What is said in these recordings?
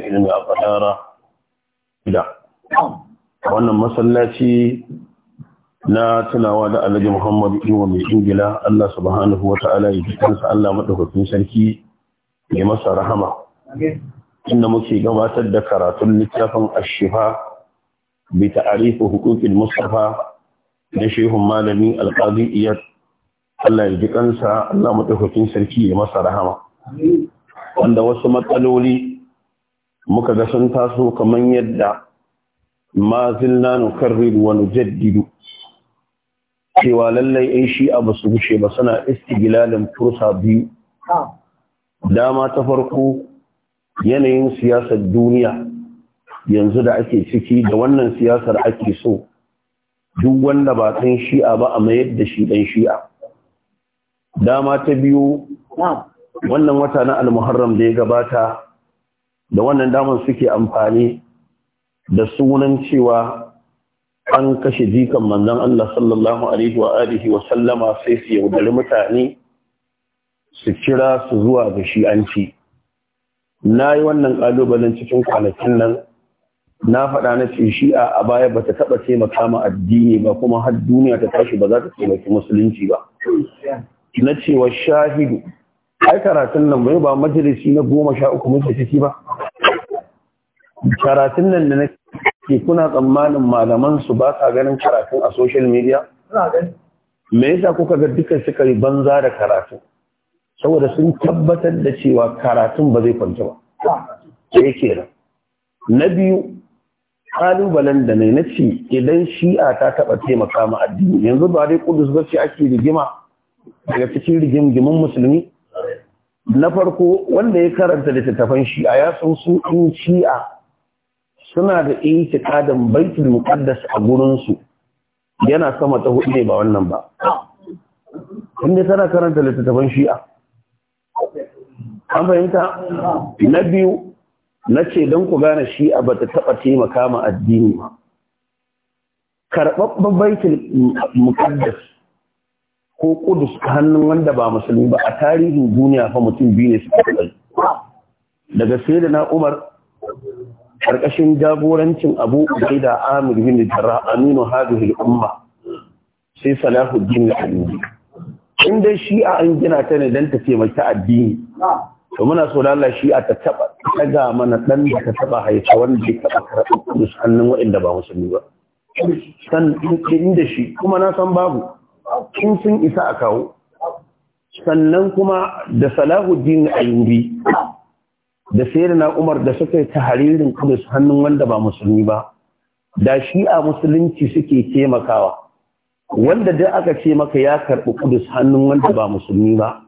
da ilmi a fadara gida wannan masallaci na tunawa da alhaji muhammad iwa mai ingila allah subhanahu wa ta'ala ya jikinsa allah maɗaukakin sarki mai masa rahama inda muke gabatar da karatun littafin ashifa bi ta'arifu hukukin mustafa na shehun malami alƙadi iyad allah ya jikinsa allah maɗaukakin sarki ya masa rahama wanda wasu matsaloli muka ga sun taso kamar yadda ma zilna nukarriru wa nujaddidu cewa lallai in shi abu su gushe ba suna istigilalin fursa biyu dama ta farko yanayin siyasar duniya yanzu da ake ciki da wannan siyasar ake so duk wanda ba ɗan shi'a ba a mayar da shi ɗan shi'a dama ta biyu wannan wata na almuharram da ya gabata da wannan damar suke amfani da sunan cewa an kashe jikan manzan Allah sallallahu alaihi wa alihi wa sallama sai su yaudari mutane su kira su zuwa ga shi'anci na yi wannan ƙalubalen cikin kwanakin nan na faɗa na ce shi'a a baya ba ta taɓa taimaka ma addini ba kuma har duniya ta tashi ba za ta taimaki musulunci ba na cewa shahidu ai karatun nan bai ba majalisi na goma sha uku muke ciki ba karatun nan da nake kuna tsammanin malaman su ba sa ganin karatun a social media me yasa kuka ga duka suka yi banza da karatu saboda sun tabbatar da cewa karatun ba zai kwanta ba ke kenan na biyu kalubalen da nai na ce idan shi'a ta taba taimaka ma addini yanzu ba dai kudus ba ce ake rigima daga cikin rigimgimin musulmi na farko wanda ya karanta littattafan shi'a ya san su in shi'a suna da da baitul muqaddas a gurinsu. yana sama ta hudu ne ba wannan ba inda tana karanta littattafan shi'a an fahimta na biyu na ce don ku gane shi'a ba ta taɓa taimaka ma addini ba karɓaɓɓen baitul muqaddas ko kudus hannun wanda ba musulmi ba a tarihin duniya fa mutum biyu ne suka kai daga sai da na umar karkashin jagorancin abu da amir bin jarra aminu hadhihi umma sai salahuddin al-ayyubi in dai shi'a an gina ta ne dan ta ta addini to muna so lalla Allah shi'a ta taba daga mana dan da ta taba haifa wanda ya taba karatu kudus hannun wa'anda ba musulmi ba san inda shi kuma na san babu in sun isa a kawo sannan kuma da salahuddin ayyubi da na umar da suka yi taharirin kudus hannun wanda ba musulmi ba da shi a musulunci suke taimakawa wanda da aka ce maka ya karɓi kudus hannun wanda ba musulmi ba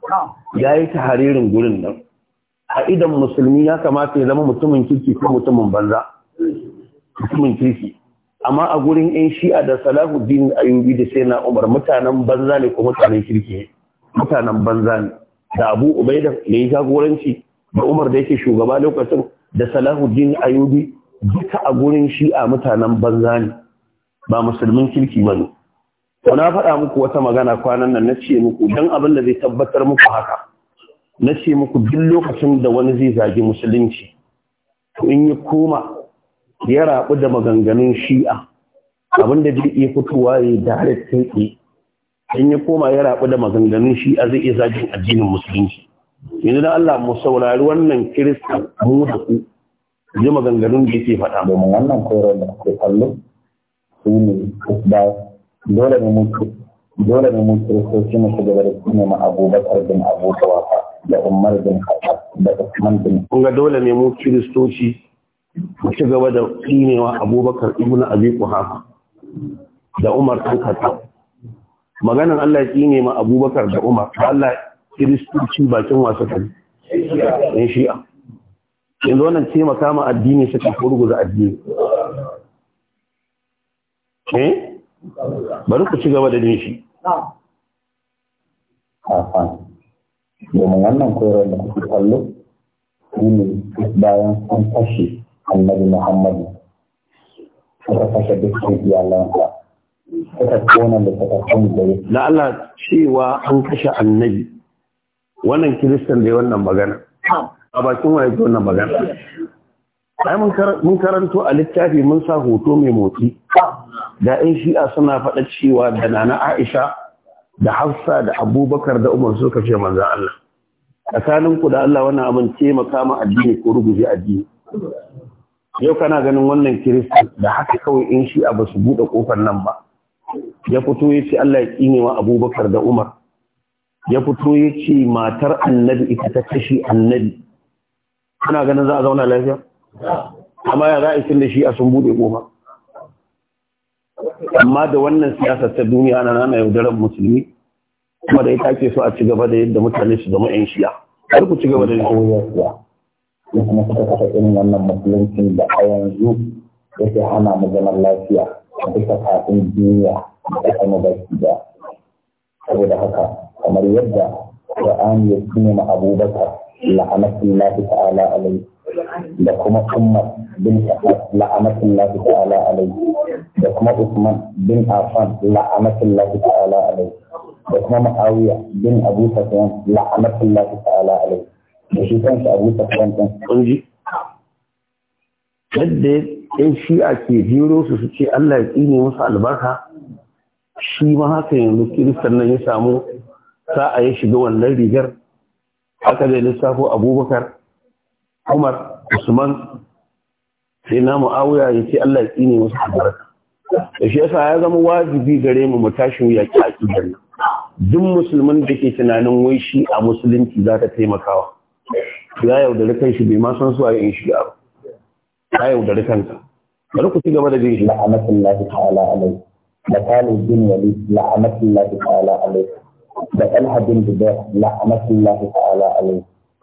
ya yi taharirin gurin nan a idan musulmi ya kamata ya zama mutumin kirki ko mutumin banza mutumin kirki amma a gurin yan shi'a da salahuddin ayubi da sai na umar mutanen banza ne ko mutanen kirki mutanen banza ne da abu ubaida da ya jagoranci da umar da yake shugaba lokacin da salahuddin ayubi duka a gurin shi'a mutanen banza ne ba musulmin kirki ba ne to na faɗa muku wata magana kwanan nan na ce muku don abin da zai tabbatar muku haka na ce muku duk lokacin da wani zai zagi musulunci to in ya koma ya rabu da maganganun shi'a abinda zai iya fitowa ya direct kai in ya koma ya rabu da maganganun shi'a zai iya zagin addinin musulunci yanzu dan Allah mu saurari wannan kirista mu da ku ji maganganun da yake faɗa mu wannan koyarwa da ke kallo su ne da dole ne mutu dole ne mu kiristoci mu shiga da su ne abubakar bin abu da umar bin khattab da usman bin kun ga dole ne mu kiristoci mu ci gaba da tsinewa abubakar ibn abi kuhafa da umar ɗan kasa maganan allah tsine ma abubakar da umar allah kiristoci bakin wasu kari in shi'a yanzu wannan taimaka ma addini suka furguza addini eh bari ku ci gaba da jin shi domin wannan koyarwar da kuka kallo ne bayan sun kashe annabi muhammadu suka kashe dukkan iyalansa suka kona da suka kan da da Allah cewa an kashe annabi wannan kiristan da wannan magana a bakin waye ta wannan magana ai mun karanto a littafi mun sa hoto mai motsi da ɗan shi'a suna faɗa cewa da nana aisha da hafsa da abubakar da umar su ce manzan Allah tsakaninku da Allah wannan abin taimaka ma addini ko ruguje addini yau kana ganin wannan kirista da haka kawai in shi abu su buɗe ƙofar nan ba ya fito ya ce Allah ya ne wa abubakar da umar ya fito ya ce matar annabi ita ta kashi annabi kana ganin za a zauna lafiya amma ya za a isin da shi a sun buɗe ƙofa amma da wannan siyasar ta duniya na nana yaudarar musulmi kuma da ita ake so a ci gaba da yadda mutane su zama 'yan shiya har ku ci gaba da yin shiya su kuma suka kafa irin wannan musuluncin da a yanzu yake hana mu zaman lafiya a duka kafin duniya da ta mu baki da saboda haka kamar yadda Qur'ani ya tuna ma Abubakar la'anatullahi ta'ala alaihi da kuma Umar bin Khattab la'anatullahi ta'ala alaihi da kuma Usman bin Affan la'anatullahi ta'ala alaihi da kuma Muawiya bin Abu Sufyan la'anatullahi ta'ala alaihi da shi kansa abu kunji yadda yan shi'a ke jero su su Allah ya tsine musu albarka shi ma haka yanzu kiristan nan ya samu sa'a ya shiga wannan rigar haka da lissafo abubakar umar usman sai na ma'awuya ya ce Allah ya tsine musu albarka da shi yasa ya zama wajibi gare mu mu tashi mu yaki aƙidar nan duk musulman da ke tunanin wai shi a musulunci za ta taimakawa ya yaudari kan shi bai ma san su a yin shi ba ya yaudari kanka bari ku ci gaba da jin shi la'anatullahi ta'ala alai da talib bin wali la'anatullahi ta'ala alai da talha bin zubair la'anatullahi ta'ala alai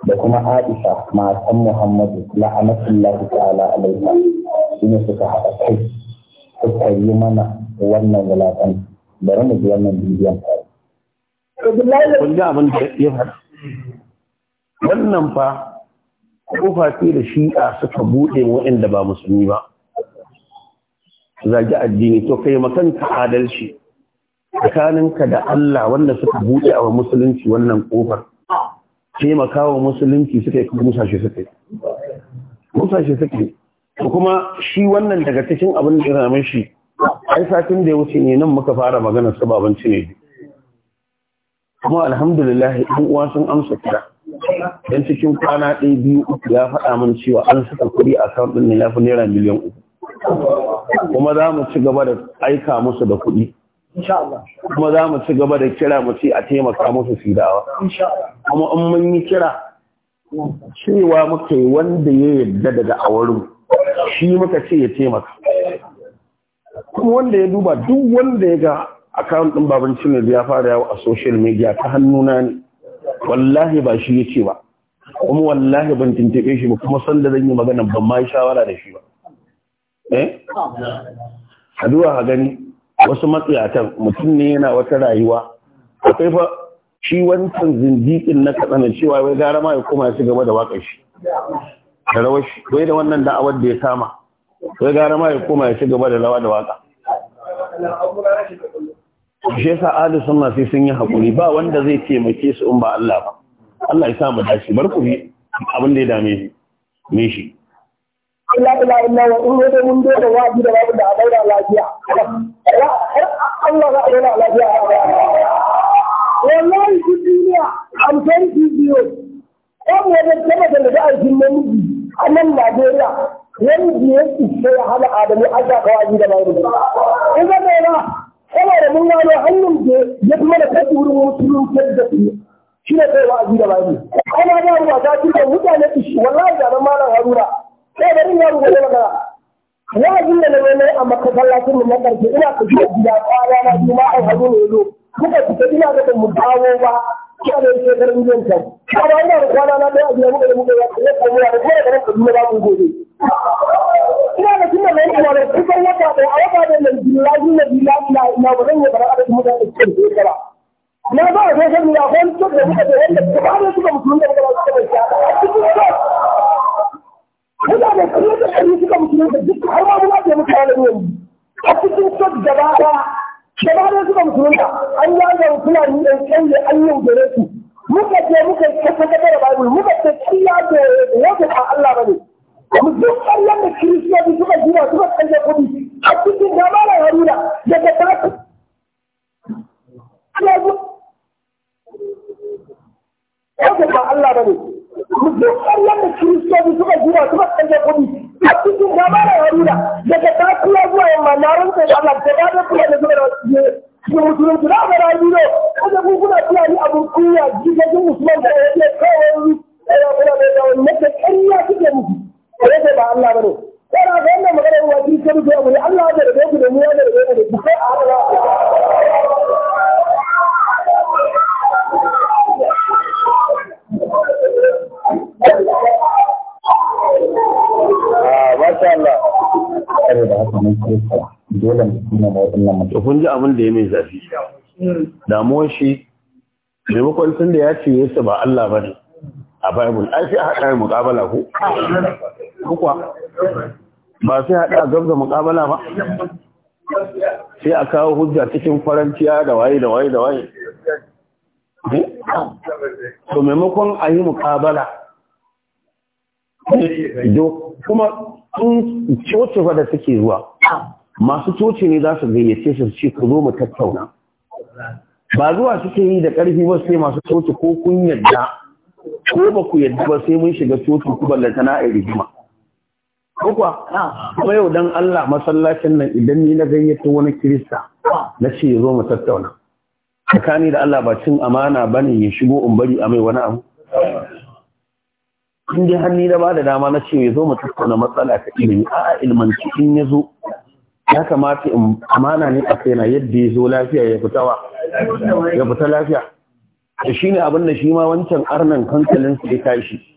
da kuma aisha matan muhammadu la'anatullahi ta'ala alai shi ne suka haɗa kai suka yi mana wannan wulaƙan bari mu ji wannan bidiyon kun ji abin da ya faɗa wannan fa kofa ce da shi'a suka buɗe waɗanda ba musulmi ba zagi addini to kai makanka adalci tsakaninka da Allah wanda suka buɗe wa musulunci wannan kofar taimaka wa musulunci suka yi musashe suka yi musashe suka yi kuma shi wannan daga cikin abin da ya shi ai satin da ya wuce ne nan muka fara magana su babanci ne kuma alhamdulillah ɗan uwa sun amsa kira yan cikin kwana ɗaya biyu uku ya faɗa mana cewa an saka kuɗi a kan ɗin ya fi naira miliyan uku kuma za mu ci gaba da aika musu da kuɗi kuma za mu ci gaba da kira mu ce a taimaka musu su dawa kuma in mun yi kira cewa muka yi wanda ya yarda daga awarin shi muka ce ya taimaka kuma wanda ya duba duk wanda ya ga akawun ɗin babancin cinar ya fara yawo a social media ta hannuna ne wallahi ba shi yace ba kuma wallahi ban tuntube shi ba kuma san zan yi magana ban ma shawara da shi ba eh aduwa ga gani wasu matsiyatan mutum ne yana wata rayuwa akwai fa shi wancan zindikin na katsana cewa wai gara ma ya koma ya ci gaba da waƙar shi da rawar shi wai da wannan da'awar da ya kama wai gara ma ya koma ya ci gaba da rawa da waƙa shi yasa ahli sunna sai sun yi hakuri ba wanda zai taimake su in ba Allah ba Allah ya sa mu dace bar ku abin da ya dame shi me shi illa illa illa wa in yadda mun da da wajibi da babu da abaida lafiya Allah za a yana lafiya wallahi shi duniya an san shi biyo ko mu da kuma da da aikin namiji a nan Najeriya wani biye shi sai hana Adamu Allah ka wajibi da babu in ga da saboda mun gano hannun da ya fi mana kai wurin kai da su shi ne kai wa'azi da bani ana ga ruwa ta ci mutane su shi wallahi da ban malam haruna sai da rin yaro gobe magana wa'azin da na yi a makasallacin mu nan karshe ina ji gida kwana na kuma ma hazo ne kuka muka fita ina ga mu dawo ba kira da garin jiyan can ba ina da kwana na da a gida muka da muka ya kai mu da kwana da nan kaduna ba mu gobe ina da tunda mai kuma da kusan wata ɗaya a wata ɗaya da billahi na billahi na ina ba zan yi bara adadin mutane da da ba. na ba a zai sani na wani cikin da muka da yadda ba da suka musulun da ba suka bai shaka a cikin da da kuma da suka musulun da duk har ma muna da yanzu a cikin sot gaba ɗaya gaba ɗaya suka musulun da an yaga fulani ɗan ƙauye an yau gare su muka ce muka kasa kasa da bible muka ce kiyar da wata ba Allah ba ne kuma duk ƙaryan da kiristoci suka gina suka kalla kuɗi a cikin gaba da haruna daga tafi Yau ba Allah ba ne, duk ƙaryan da kiristoci suka gina suka kalla kuɗi a cikin gaba da haruna daga tafi ya zuwa yamma na rinka da Allah da ba da kula da zuwa da da musulunci na gara biyo kada ku kuna tunani abin kunya gidajen musulman da ya ce kawai ya kula da wani mata ƙarya suke musu Ka ba Allah bane sai wannan magana ruwa ki ne, Allah ku da mu da ku ku sai ah, Allah Kun ji abin da ya mai zafi. Damuwar shi maimakon tun da ya ce Yesu ba Allah ba ne a Bible. Ai sai a haɗa mukabala ko? kuwa ba sai haɗa gamza muƙamala ba sai a kawo hujja cikin faranciya da waye da waye da waye eh? to maimakon a yi muƙabala kuma sun coci fa da suke zuwa masu coci ne za su gayyace su ce ku zo mu tattauna ba zuwa suke yi da ƙarfi ba sai masu coci ko kun yadda ko ba ku yadda ba sai mun shiga coci ku ballanta a rigima kokwa kuma yau don Allah masallacin nan idan ni na ganyeta wani kirista na ce zo mu tattauna tsakani da Allah ba cin amana ba ne ya shigo in bari a mai wani abu in ji hannu na ba da dama na ce ya zo mu tattauna matsala ka ilimi a ilmanci in ya zo ya kamata in amana ne a kaina yadda ya zo lafiya ya fita wa ya fita lafiya da ne abin da shi ma wancan arnan hankalin su ya tashi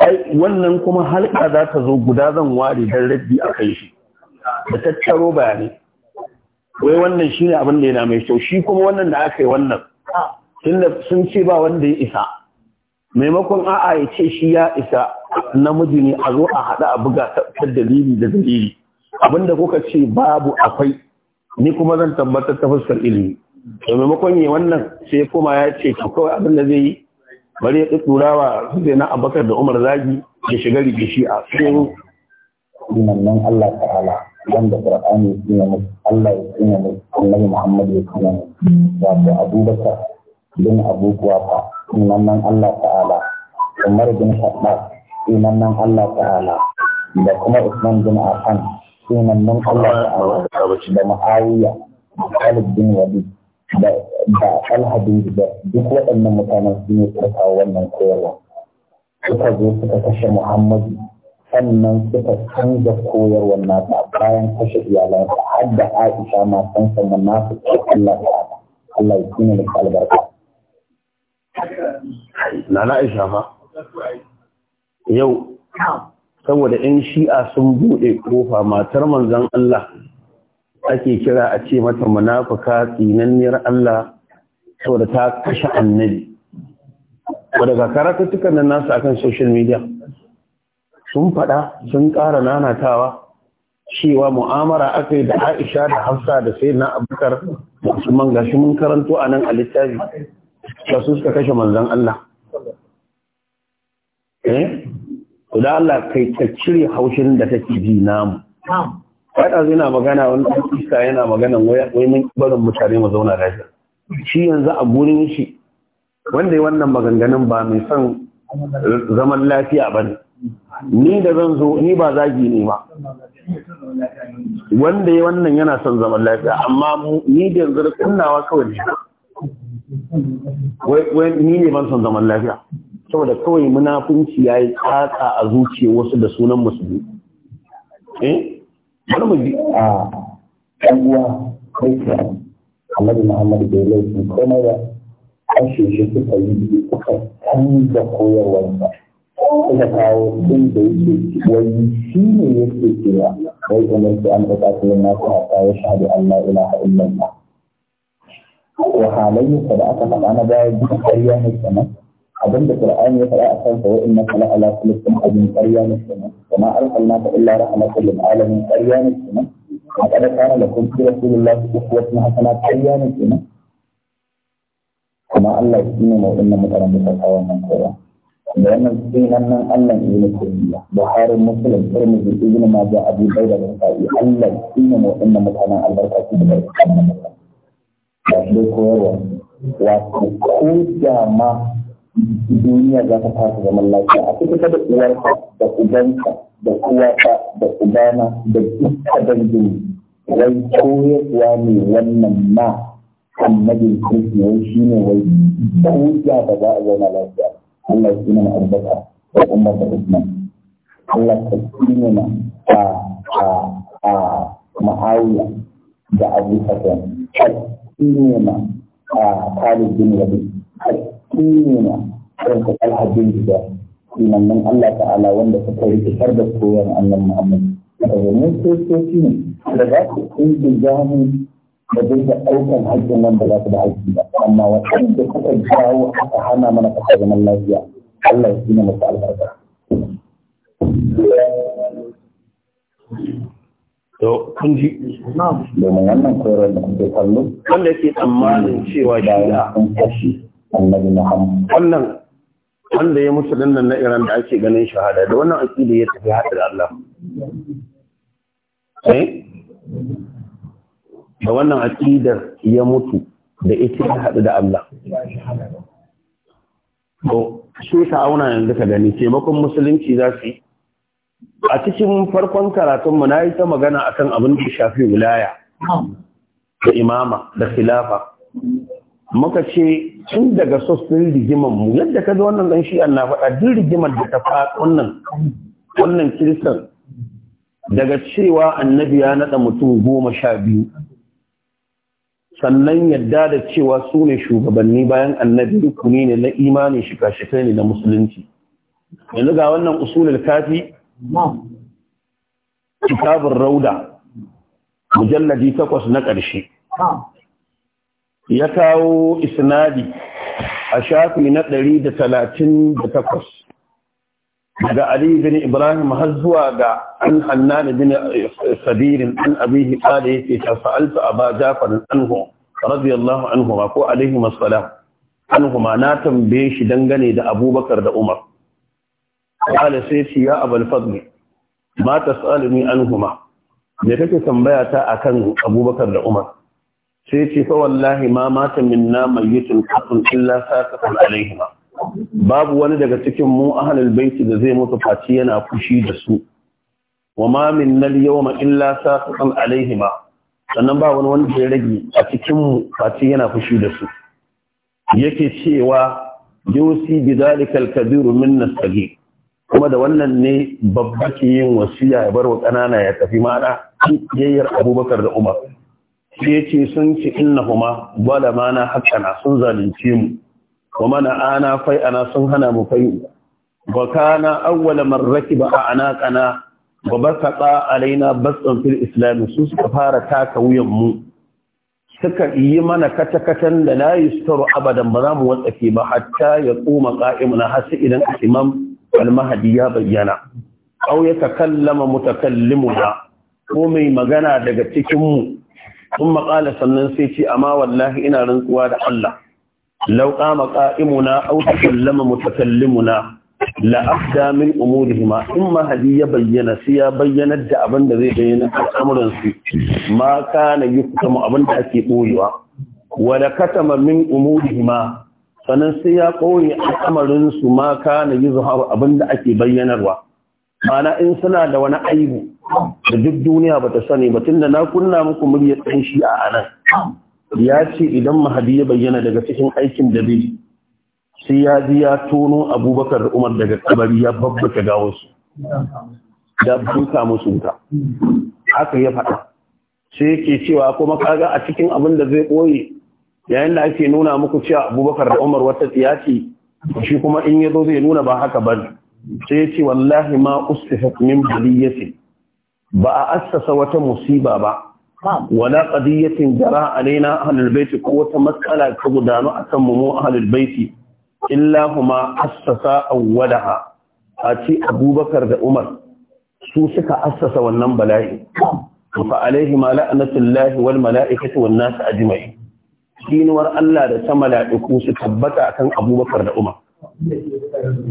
Ai wannan kuma halka za ta zo guda zan ware don rabbi a kai shi da tattaro bayanai wai wannan shi ne abin da yana mai kyau shi kuma wannan da aka yi wannan tunda sun ce ba wanda ya isa maimakon a'a ya ce shi ya isa namiji ne a zo a haɗa a buga ta dalili da dalili abinda kuka ce babu akwai ni kuma zan tabbatar ta fuskar ilimi to maimakon yi wannan sai kuma ya ce kawai abin da zai yi bari ya turawa su na abakar da umar zagi da shiga rike shi a cikin nan Allah ta'ala wanda Qur'ani ya tsina mu Allah ya tsina mu Annabi Muhammad ya tsina mu Abu Abubakar din Abu Kuwafa sunan nan Allah ta'ala Umar bin Khattab sunan nan Allah ta'ala da kuma Usman bin Affan sunan nan Allah ta'ala da Muawiya Khalid bin Walid da alhadin ba duk waɗannan mutanen su ne suka wannan koyarwa suka zo suka kashe muhammadu sannan suka canza koyarwar nasa bayan kashe iyalansa har da aisha ma san sannan su ce allah ta allah ya tuna da albarka nana aisha ma yau saboda yan shi'a sun buɗe ƙofa, matar manzon allah ake kira a ce mata munafuka tsinanniyar Allah saboda ta kashe annabi wadda ga karatuttukan nan nasu akan social media sun faɗa sun ƙara nanatawa cewa mu'amara aka yi da aisha da hafsa da sai na abubakar musamman gashi mun karanto a nan a littafi da su suka kashe manzan Allah eh Allah kai ta cire haushin da take ji namu faɗa zai na magana wani isa yana magana wai mun barin mutane mu zauna lafiya shi yanzu a gurin shi wanda yi wannan maganganun ba mai son zaman lafiya ba ne ni da zan zo ni ba zagi ne ba wanda yi wannan yana son zaman lafiya amma ni da yanzu da kunnawa kawai ne wai ni ne ban son zaman lafiya saboda kawai munafunci ya yi tsatsa a zuciya wasu da sunan musulmi eh bari mu a ɗan uwa kai ke Muhammadu Muhammadu bai laifi komai ba kashe shi suka yi suka canza koyarwarsa suka kawo sun da yake wai shi ne yake cewa wai umarci an ta tafiye na su hata ya shahadu Allah ilaha illallah wahalai da aka faɗa na baya duk ƙarya ne kenan abin da Qur'ani ya faɗa a kan sa wa'in na kala ala kullum abin ƙarya ne kenan kuma arsalna ka illa rahmatan lil alamin ƙarya ne kenan a kada kana da kun fi rasulullahi uswatun hasana ƙarya ne kenan kuma Allah shi ne mai wannan mutanen da ta kawo wannan kowa da wannan tsinan nan Allah ne ne kulliya Buhari Muslim Tirmidhi Ibn Majah Abu Dawud da Nasa'i Allah shi ne mai wannan mutanen albarka shi da barka da shi koyarwa wato ko da ma duniya za ta fasa zaman lafiya a cikin da uwarka da ubanka da uwata da ubana da duka dangin wai koyarwa ne wannan ma annabin kirki wai shi ne wai ta wuya da za a zauna lafiya Allah shi ne albarka da umar da usman Allah ta shi na a a a ma'awiya da abu safyan ta shi ne na a kalibin rabi kina kan ka gida da imanin Allah ta'ala wanda suka yi fitar da koyar annan Muhammad domin kristoci ne da za su kunshi zamu da zai da ɗaukar hajji nan da za su da haƙƙi ba amma waɗanda suka jawo aka hana mana ƙasa zaman lafiya Allah ya shi ne masu albarka. To, kun ji? Domin wannan koyarwar da kuke kallo. Wanda ke tsammanin cewa shi a annabi Muhammad wannan wanda ya mutu dannan na Iran da ake ganin shahada da wannan aqida ya tafi hada da Allah eh da wannan aqidar ya mutu da ita ya haɗu da Allah to shi ta auna yanzu ka gani taimakon musulunci za su yi a cikin farkon karatunmu na yi ta magana akan abin da shafi wilaya da imama da khilafa muka ce tun daga sosfin rigiman mu yadda ka wannan ɗan shi na faɗa duk rigimar da ta faɗa wannan wannan kiristan daga cewa annabi ya naɗa mutum goma sha biyu sannan yadda da cewa su ne shugabanni bayan annabi duk ne na imanin shi shikai ne na musulunci yanzu ga wannan usulul kafi kitabun rauda mujalladi takwas na ƙarshe ya kawo isnadi a shafi na 138 daga Ali bin Ibrahim har zuwa ga an hannan bin Sabirin an abihi da yake ta a ba Jafar anhu radiyallahu anhu ma ko alaihi masallam anhu ma na tambaye shi dangane da Abubakar da Umar qala sai shi ya Abul Fadl ma anhu ma me kake tambaya ta akan Abubakar da Umar sai ce fa wallahi ma mata minna mayyitun kafin illa sakatun alaihima babu wani daga cikin mu ahlul baiti da zai mutu faci yana fushi da su wa ma minna al-yawma illa sakatun alaihima sannan ba wani wanda ya rage a cikin mu faci yana fushi da su yake cewa yusi bidhalika al-kabir minna sagir kuma da wannan ne babba ke yin wasiya ya bar wa ƙanana ya tafi ma'ana yayyar abubakar da umar sai ce sun ce inna huma gwada mana haƙana sun zalunce mu Kuma mana ana fai ana sun hana mu fai wa na awwala marraki ba a anaqana ka basata alaina basan fil islam su suka fara taka wuyan mu suka yi mana kata-katan da yi yustaru abadan ba za mu watsake ba hatta ya kuma qa'imuna na sai idan imam al-mahdi ya bayyana aw ya takallama ba. ko mai magana daga cikin mu Sun maƙala sannan sai ce amma wallahi ina rantsuwa da Allah lau qama qa'imuna aw takallama mutakallimuna la afda min umurihima in ma hadi ya bayyana sai ya bayyanar da abin da zai bayyana al'amuran su ma kana yuktamu abin da ake boyewa wala katama min umurihima sannan sai ya koyi al'amarin su ma kana yuzharu abin da ake bayyanarwa mana in suna da wani aibu da duk duniya ba ta sani ba tunda na kunna muku muryar ɗan shi a nan ya ce idan mahadi ya bayyana daga cikin aikin da bai sai ya ji ya tono abubakar umar daga kabari ya babbaka gawarsu da buka musu wuta haka ya faɗa sai yake cewa kuma kaga a cikin abin da zai ɓoye yayin da ake nuna muku cewa abubakar da umar wata tsiyaci shi kuma in ya zo zai nuna ba haka ba sai ya ce wallahi ma ustifa min baliyatin ba a assasa wata musiba ba wala qadiyatin jara alaina ahlul baiti ko wata matsala ta gudanu akan mu ahlul bait illa huma assasa awwalaha a ce abubakar da umar su suka assasa wannan bala'i فعليهما لعنة الله والملائكة والناس أجمعين kinuwar Allah da ta mala'iku su tabbata akan Abubakar da Umar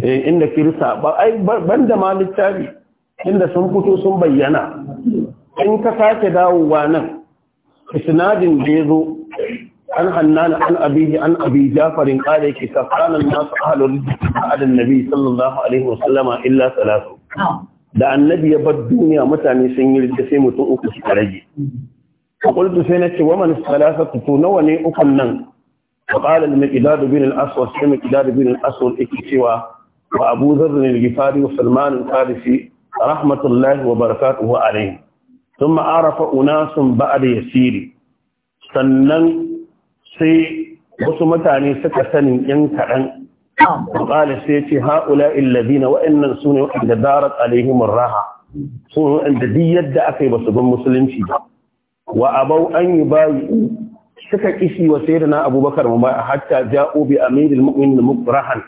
eh inda kirsa ba ai banda ma littafi inda sun fito sun bayyana in ka sake dawowa nan isnadin da ya zo an hannana an abiji an abi jafarin kare yake kafanan nasu ahalun adin nabi sallallahu alaihi wasallama illa salatu da annabi ya bar duniya mutane sun yi rinda sai mutum uku suka rage kultu sai na ce wa man salatu to nawa ne ukun nan sai وقال المقداد بن الأسود المقداد بن الأسود اكتوى وأبو ذر الغفاري وسلمان الفارسي rahmatullahi wa barakatuhu alayhi thumma arafa unasun da yasiri sannan sai wasu mutane suka sanin yan kaɗan. to qala sai ya ce haula illazina wa innan sunu inda darat alaihim arraha sunu inda diyyar da aka yi basu gun musulunci wa abau an yi bayi suka kishi wa sayyidina abubakar ma hatta ja'u bi amiril mu'minin mukrahan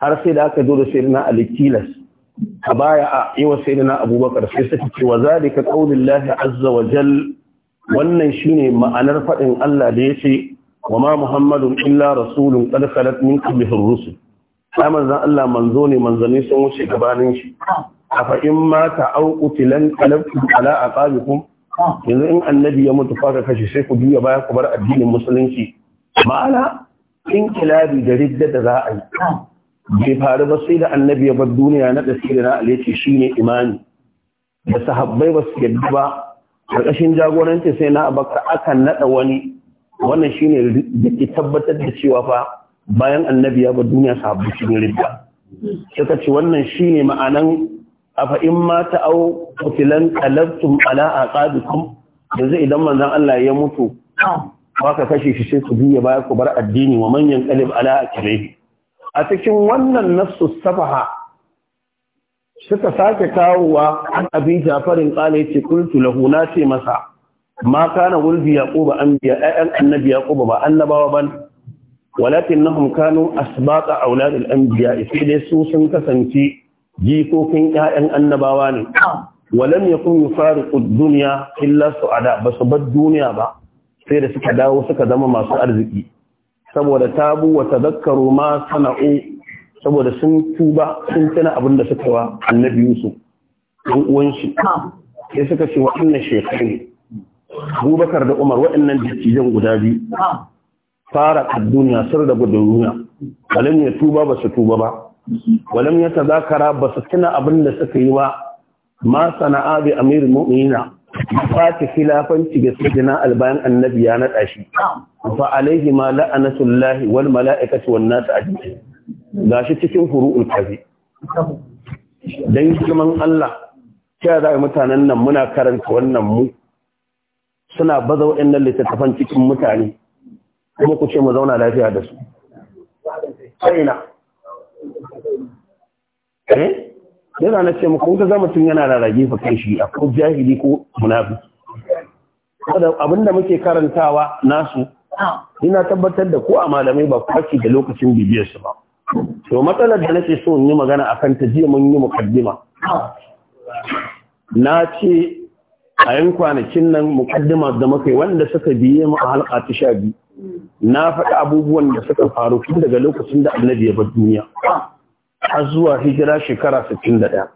har sai da aka zo da sayyidina ali Tilas. tabaya'a yi wa na abubakar sai suka ce wa zalika qaulillahi azza wa jal wannan shine ma'anar faɗin Allah da ce wa ma muhammadun illa rasulun qad khalat min qablihi ar-rusul Allah manzo ne manzanni sun wuce gabanin shi afa in ma ta'awqutilan qalbtum ala aqabikum yanzu in annabi ya mutu faka kashi sai ku juya baya ku bar addinin musulunci ma'ana in kilabi da ridda da za a yi bai faru ba sai da annabi ya bar duniya na da na alice shi ne imani da sahabbai ba su yadda ba ƙarƙashin jagoranci sai na abakar aka naɗa wani wannan shi ne da ke tabbatar da cewa fa bayan annabi ya bar duniya sahabbai shi ne ba. suka ce wannan shi ne ma'anan afa in ma ta au kutilan qalabtum ala aqabikum yanzu idan manzon Allah ya mutu ba ka kashe shi sai su biya baya ku bar addini wa manyan qalib ala akhirin a cikin wannan nassu safaha suka sake kawowa an abi jafarin kala yace qultu lahu na ce masa ma kana wulbi yaquba anbiya ayyan annabi yaquba ba annabawa ban walakinnahum kanu asbaqa awlad al-anbiya sai dai su sun kasance jikokin ƴaƴan annabawa ne walam yakun yufariqu ad-dunya illa su'ada basu bar duniya ba sai da suka dawo suka zama masu arziki saboda tabu wa tadhakkaru ma sana'u saboda sun tuba sun tuna abin da suka wa annabi Yusuf dan uwan shi sai suka ce wa inna shaykhain Abubakar da Umar waɗannan dattijan guda biyu fara duniya sir da gudun duniya walam ya tuba ba su tuba ba walam ya tazakara ba su tuna abin da suka yi ba ma sana'a bi amirul mu'minina fati filafanci ga na albayan annabi ya nada shi fa alaihi ma la'anatullahi wal mala'ikatu wan nas ajma'in gashi cikin furu'ul kafi dan kiman Allah cewa da mutanen nan muna karanta wannan mu suna baza waɗannan littattafan cikin mutane kuma ku ce mu zauna lafiya da su. na Eh? yana na ce muku ga zama tun yana rarrage fa kai shi akwai jahili ko munafiki kada abinda muke karantawa nasu ina tabbatar da ko a malamai ba kwaci da lokacin bibiyar su ba to matsalar da nake so in yi magana akan ta jiya mun yi mukaddima na ce a yan kwanakin nan mukaddima da muka wanda suka biye mu a halka ta sha biyu na faɗi abubuwan da suka faru tun daga lokacin da annabi ya bar duniya har zuwa hijira shekara 61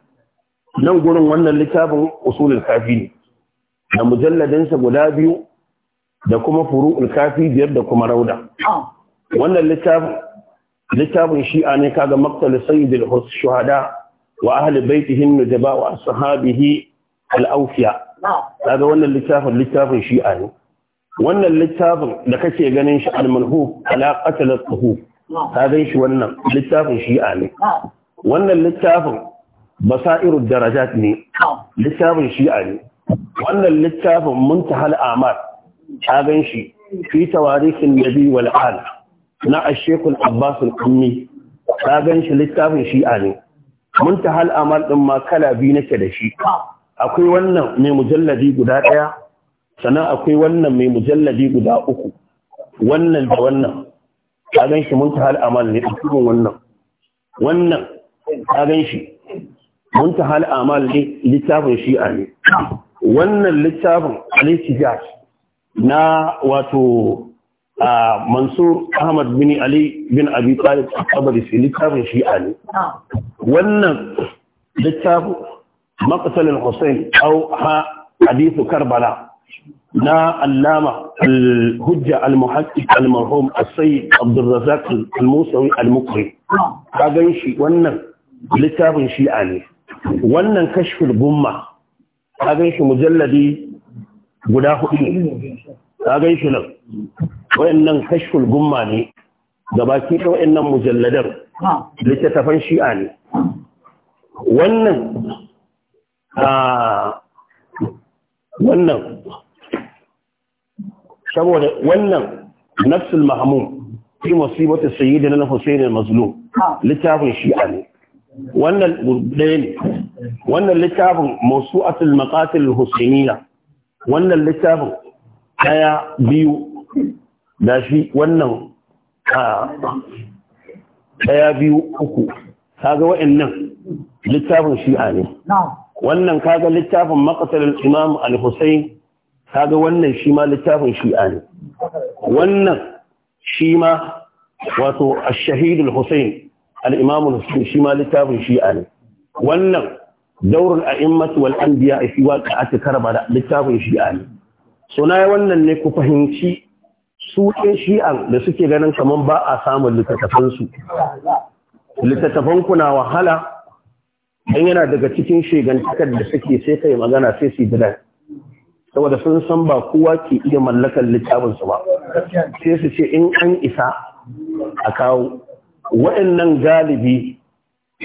nan gurin wannan littafin usulul kafi ne da mujalladinsa guda biyu da kuma furu'ul kafi biyar da kuma rauda wannan littafin shi'a ne kaga maktal sayyidul shuhada wa ahli baitihim nujaba wa ashabihi al-awfiya kaga wannan littafin littafin shi'a ne wannan littafin da kake ganin shi al-manhub ala qatl al-tuhuf ka gan shi wannan littafin shi'a ne wannan littafin basairu darajat ne littafin shi'a ne wannan littafin muntahal halamar ka gan shi fi tawarikin nabi wal al na ash-shaykh al-abbas al-ummi ka gan shi littafin shi'a ne muntahal halamar din ma kala biyu nake da shi akwai wannan mai mujalladi guda daya sannan akwai wannan mai mujalladi guda uku wannan da wannan ka gan shi muntahal amal ne ɗin wannan wannan ka gan shi muntahal amal ne littafin shi'a ne wannan littafin al-ihtijaj na wato a mansur ahmad bin ali bin abi talib kabari sai littafin shi'a ne wannan littafin makasalin al-husayn aw hadithu karbala na allama al-hujja al-muhaqqiq al-marhum as-sayyid al-musawi al-mukri ka gan shi wannan littafin shi'a ne wannan kashful gumma ka gan shi mujalladi guda hudu ne ka gan shi nan wayannan kashful gumma ne gabaki ɗaya wayannan mujalladan littattafan shi'a ne wannan ah, wannan saboda wannan nafsul mahmum fi musibatu sayyidina al-husayn al-mazlum littafin shi'a ne wannan ɗaya ne wannan littafin mawsu'atul maqatil husainiyya wannan littafin ɗaya biyu da shi wannan ɗaya biyu uku kaga wa'annan littafin shi'a ne wannan kaga littafin maqatil imam al-husayn kaga wannan shi ma littafin shi'a ne wannan shi ma wato ash-shahidul husayn al-imam al-husayn shi ma littafin shi'a ne wannan daurul a'immatu wal anbiya fi waqa'ati karba littafin shi'a ne so na wannan ne ku fahimci su shi'an da suke ganin kamar ba a samun littattafansu littattafanku na wahala Dan yana daga cikin shegantakar da suke sai kai magana sai su yi saboda sun san ba kowa ke iya mallakar littafinsu ba sai su ce in an isa a kawo Waɗannan galibi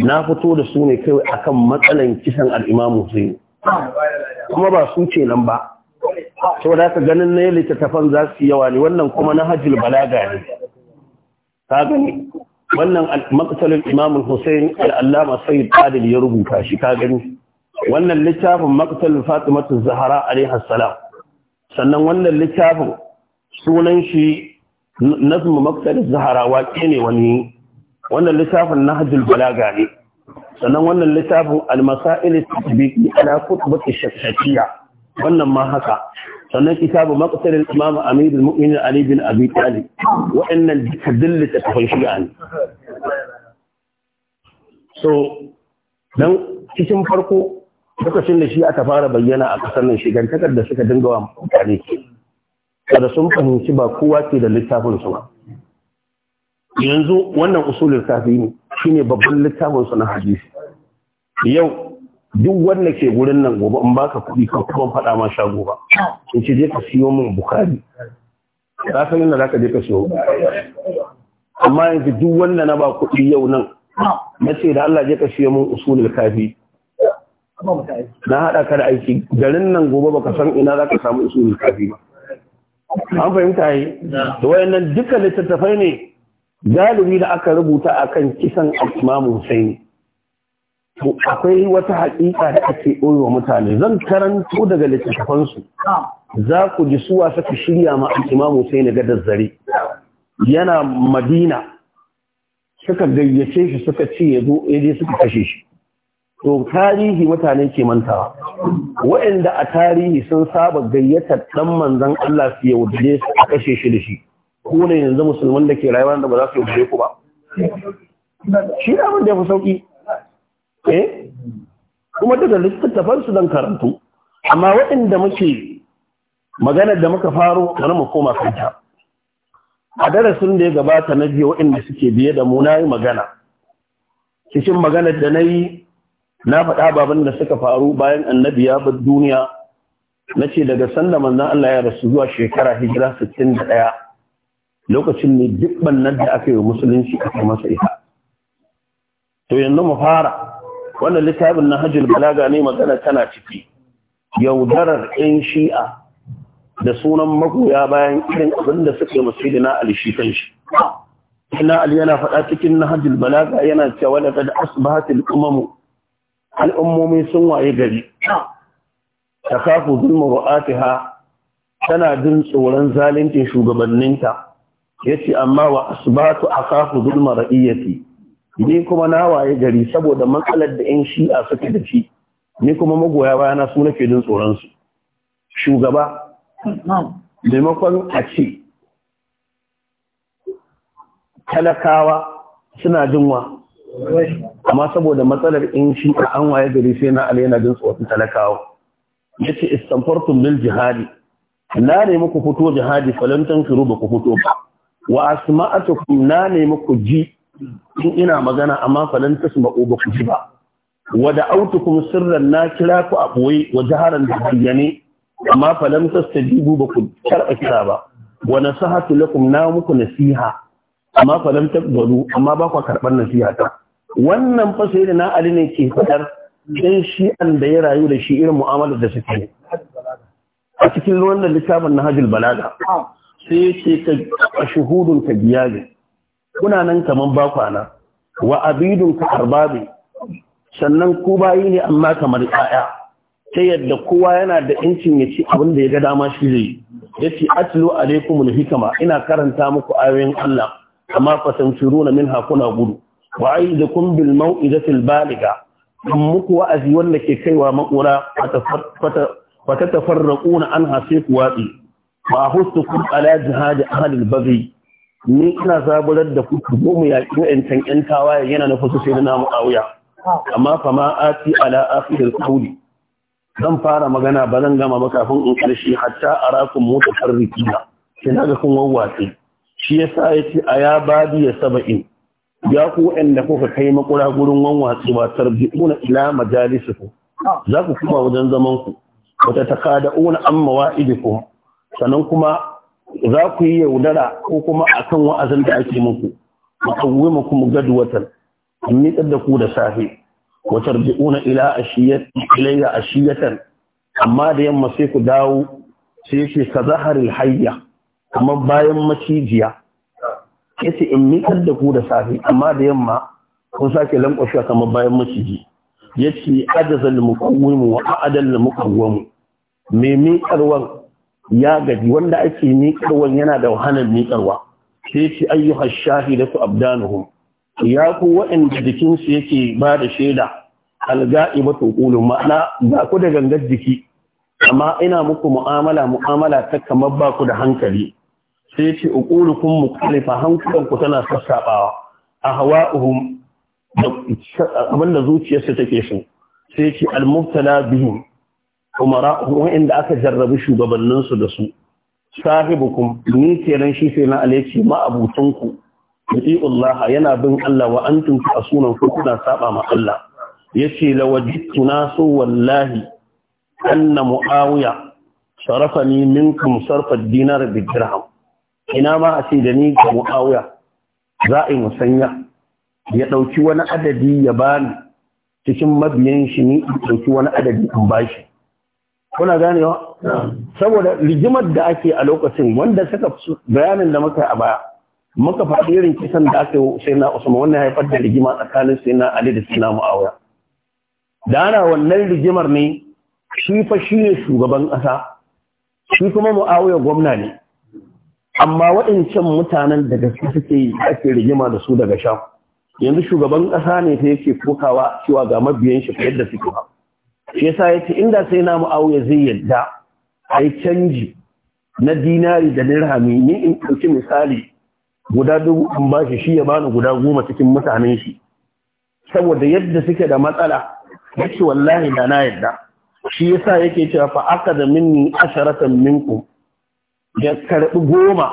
na fito da su ne kawai akan matsalan kisan al'imamu sai kuma ba su ce nan ba saboda haka ganin na littattafan za su yawa ne wannan kuma na hajjul balaga ne ka gani wannan matsalin imamun hussein al'allama sayyid adil ya rubuta shi ka gani wannan littafin maktal fatimatu zahara alaihi salam sannan wannan littafin sunan shi nazmu maktal zahara waƙe ne wani wannan littafin nahjul balaga ne sannan wannan littafin al-masail at-tatbiqi ala kutubati ash-shafiya wannan ma haka sannan kitabu maqtal al-imam amir al-mu'minin ali bin abi talib wa'annan tadillata tafshi'a ne so dan cikin farko lokacin da shi aka fara bayyana a ƙasar nan shigantakar da suka dinga wa mutane kada sun fahimci ba kowa ke da littafin su ba yanzu wannan usulul kafi ne shine babban littafin su na hadisi yau duk wanda ke gurin nan gobe in baka kuɗi kan kuma faɗa ma shago ba in ce je ka siyo min bukari ka san inda zaka je ka siyo amma yanzu duk wanda na ba kuɗi yau nan na ce da Allah je ka siyo min usulul kafi na haɗa ka da aiki garin nan gobe baka san ina za ka samu isu kafi ba an fahimta yi da wayannan duka littattafai ne galibi da aka rubuta akan kisan imamu husaini to akwai wata haƙiƙa da ake ɓoye mutane zan karanto daga littattafansu za ku ji suwa saka shirya ma imamu husaini ga dazzare yana madina suka gayyace shi suka ce ya zo ya je suka kashe shi to tarihi mutane ke mantawa waɗanda a tarihi sun saba gayyatar ɗan manzan Allah su yaudare su a kashe shi da shi ko ne yanzu musulman da ke rayuwa da ba za su yaudare ku ba shi da abin da ya fi sauƙi. eh kuma daga littattafan su dan karantu amma waɗanda muke maganar da muka faro wani mu koma kanta a darasin da ya gabata na biyu waɗanda suke biye da mu na yi magana cikin maganar da na yi na faɗa baban da suka faru bayan annabi ya bar duniya na ce daga sanda manzon Allah ya rasu zuwa shekara hijira 61 lokacin ne duk bannan da aka yi musulunci aka masa ita to yanzu mu fara wannan littafin na hajjul balaga ne magana tana ciki yaudarar 'yan shi'a da sunan magoya bayan irin abin da suka yi masjidi na Ali shi kan shi. Ina Ali yana faɗa cikin na hajjil balaga yana cewa da kada umamu al'ummomi sun waye gari ta kafu zulma ru'atiha tana jin tsoron zalunci shugabanninta ya ce amma wa a kafu zulma ra'iyati ni kuma na waye gari saboda matsalar da yan shi'a suke da shi ni kuma magoya bayana su nake jin tsoron shugaba maimakon a ce talakawa suna jin wa amma saboda matsalar in shi a an waye gari sai na ali yana jin tsoron talakawa yace istanfartun mil jihadi na ne muku fito jihadi falantan tanfiru ba ku fito ba wa asma'atukum na ne muku ji in ina magana amma su tasma'u ba ku ji ba wa da'awtukum sirran na kira ku a boye wa jaharan da bayyane amma ta tastajibu ba ku karɓa kira ba wa nasahatu lakum na muku nasiha amma fa lam taqbalu amma ba ku karɓar nasiha ta wannan fa sai na ali ne ke fadar dan shi an da ya rayu da shi irin mu'amalar da suke a cikin wannan littafin na balaga sai yake ka shuhudun ka biyaje kuna nan kaman ba kwana wa abidun ka arbabi sannan ku bayi ne amma kamar 'ya'ya. ta yadda kowa yana da incin ya ci abin da ya ga dama shi zai ya ce atilo alaikumul hikama ina karanta muku ayoyin Allah amma fatamshiruna minha kuna gudu wa aidukum bil mau'izati al in muku wa'azi wanda ke kaiwa makura fata tafarraquna anha sai ku watsi wa ahustukum ala jihad ahli al ni ina zaburar da ku ku mu yaƙi wa'ancan ƴan tawaye yana na fasu sai na mu'awiya amma fa ma ati ala akhir al qawli zan fara magana ba zan gama ba kafin in karshe hatta arakum mutafarriqina sai ga kun wawwatsi shi ya sa ya ce a ya ba badi ya saba in ya ku waɗanda kuka kai makura gurin wanwatsu ba tarbi'una ila majalisuku za ku kuma wajen zaman ku wata una an ku. sannan kuma za ku yi yaudara ko kuma akan wa'azin da ake muku mu mu kuma watan, an miƙar da ku da safe wa tarji'una ila ashiyat ilayya ashiyatan amma da yamma sai ku dawo sai yake ka zahar hayya kamar bayan macijiya ya ce in miƙar da ku da safe amma da yamma kun sake lankwashewa kamar bayan maciji ya ce adazal mukawwimu wa adal mukawwamu mai miƙarwan ya gaji wanda ake miƙarwan yana da wahalar miƙarwa sai ce ayyuhar su abdanuhu ya ku waɗanda jikinsu yake ba da shaida alga'ibatu qulun ma'ana ba ku da gangar jiki amma ina muku mu'amala mu'amala ta kamar ba ku da hankali sai ce uqulukum mukhalifa hankulan tana sassabawa ahwa'uhum abin da zuciyarsa take so sai ce almubtala mubtala bihim umara'uhum wa'inda aka jarrabi shugabanninsu da su sahibukum ni kenan shi sai na alayci ma Allah yana bin Allah wa a sunan ku kuna saba ma Allah yace lawajidtu nasu wallahi anna muawiya sharafani minkum sarfa dinar bi dirham ina ma a ce da ni ga mu'awiya za a yi musanya ya ɗauki wani adadi ya bani cikin mabiyan shi ni ɗauki wani adadi in bashi kuna ganewa saboda rigimar da ake a lokacin wanda suka bayanin da muka a baya muka faɗi irin kisan da aka yi sai na usman wannan haifar da rigima tsakanin sai na ali da sai na mu'awiya da ana wannan rigimar ne shi fa shi ne shugaban ƙasa shi kuma mu'awiya gwamna ne amma waɗancan mutanen da gaske suke yi ake rigima da su daga sham yanzu shugaban ƙasa ne ta yake kokawa cewa ga mabiyan shi yadda suke ba shi yasa yace inda sai na mu'awiya zai yadda ai canji na dinari da dirhami ni in ɗauki misali guda dubu in ba shi shi ya bani guda goma cikin mutanen shi saboda yadda suke da matsala yace wallahi da na yadda shi yasa yake cewa fa aka da minni asharatan minkum ya karɓi goma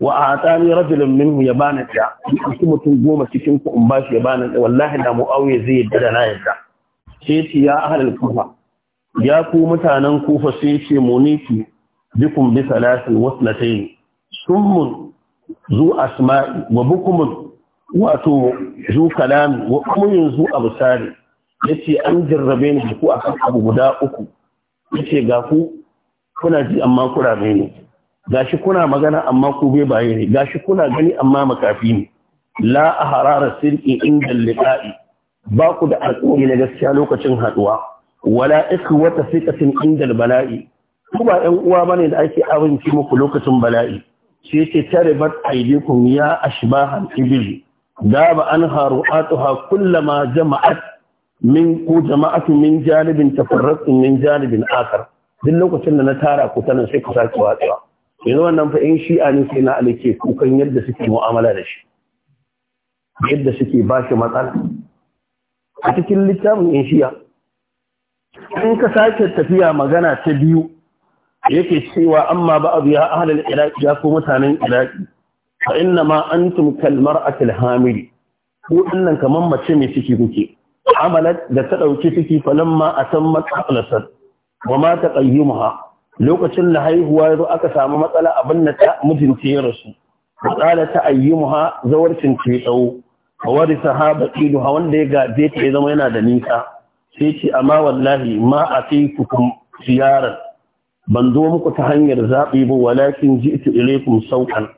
wa a tsari rajulun minhu ya bani ɗaya su mutum goma cikin ku bashi ya bani ɗaya wallahi da mu'awai zai yadda da na yadda sai ce ya ahlal kufa ya ku mutanen kufa sai ce muniki na bi yi. Sun summun zu asma'i wa bukumun wato zu kalami wa kumun zu ya ce an jarrabe ni ku kan abu guda uku yace ga ku kuna ji amma kurabe ne gashi kuna magana amma ku bai baye ne gashi kuna gani amma makafi ne la a hararar sirki inda liqa'i ba ku da alƙawari na gaskiya lokacin haɗuwa wala ikhwata fiqatin inda bala'i ku ba ƴan uwa bane da ake abinci muku lokacin bala'i shi yake taribat aidikum ya ashbahan ibili daba anha ru'atuha kullama jama'at min ku jama'atu min jalibin tafarratu min jalibin akar duk lokacin da na tara ku tana sai ku sake watsuwa yanzu wannan fa in shi'a ne sai na alike kukan yadda suke mu'amala da shi yadda suke ba shi matsala a cikin littafin in shi'a in ka sake tafiya magana ta biyu yake cewa amma ba abu ya ahalar iraki ya ko mutanen iraki fa inna ma tun kalmar akil hamili ko dinnan kamar mace mai ciki kuke amalat da ta dauki ciki ma a san matsalasar wa ma taqayyumaha lokacin da haihuwa ya zo aka samu matsala abin da ta mijinta ya rasu matsala ta ayyumuha zawarcin ta tsawo a warisa ha hawan wanda ya gaje ta ya zama yana da nisa sai ce amma wallahi ma a fi kukum ziyara ban zo muku ta hanyar zaɓi ba walakin ji ita ilaikum saukan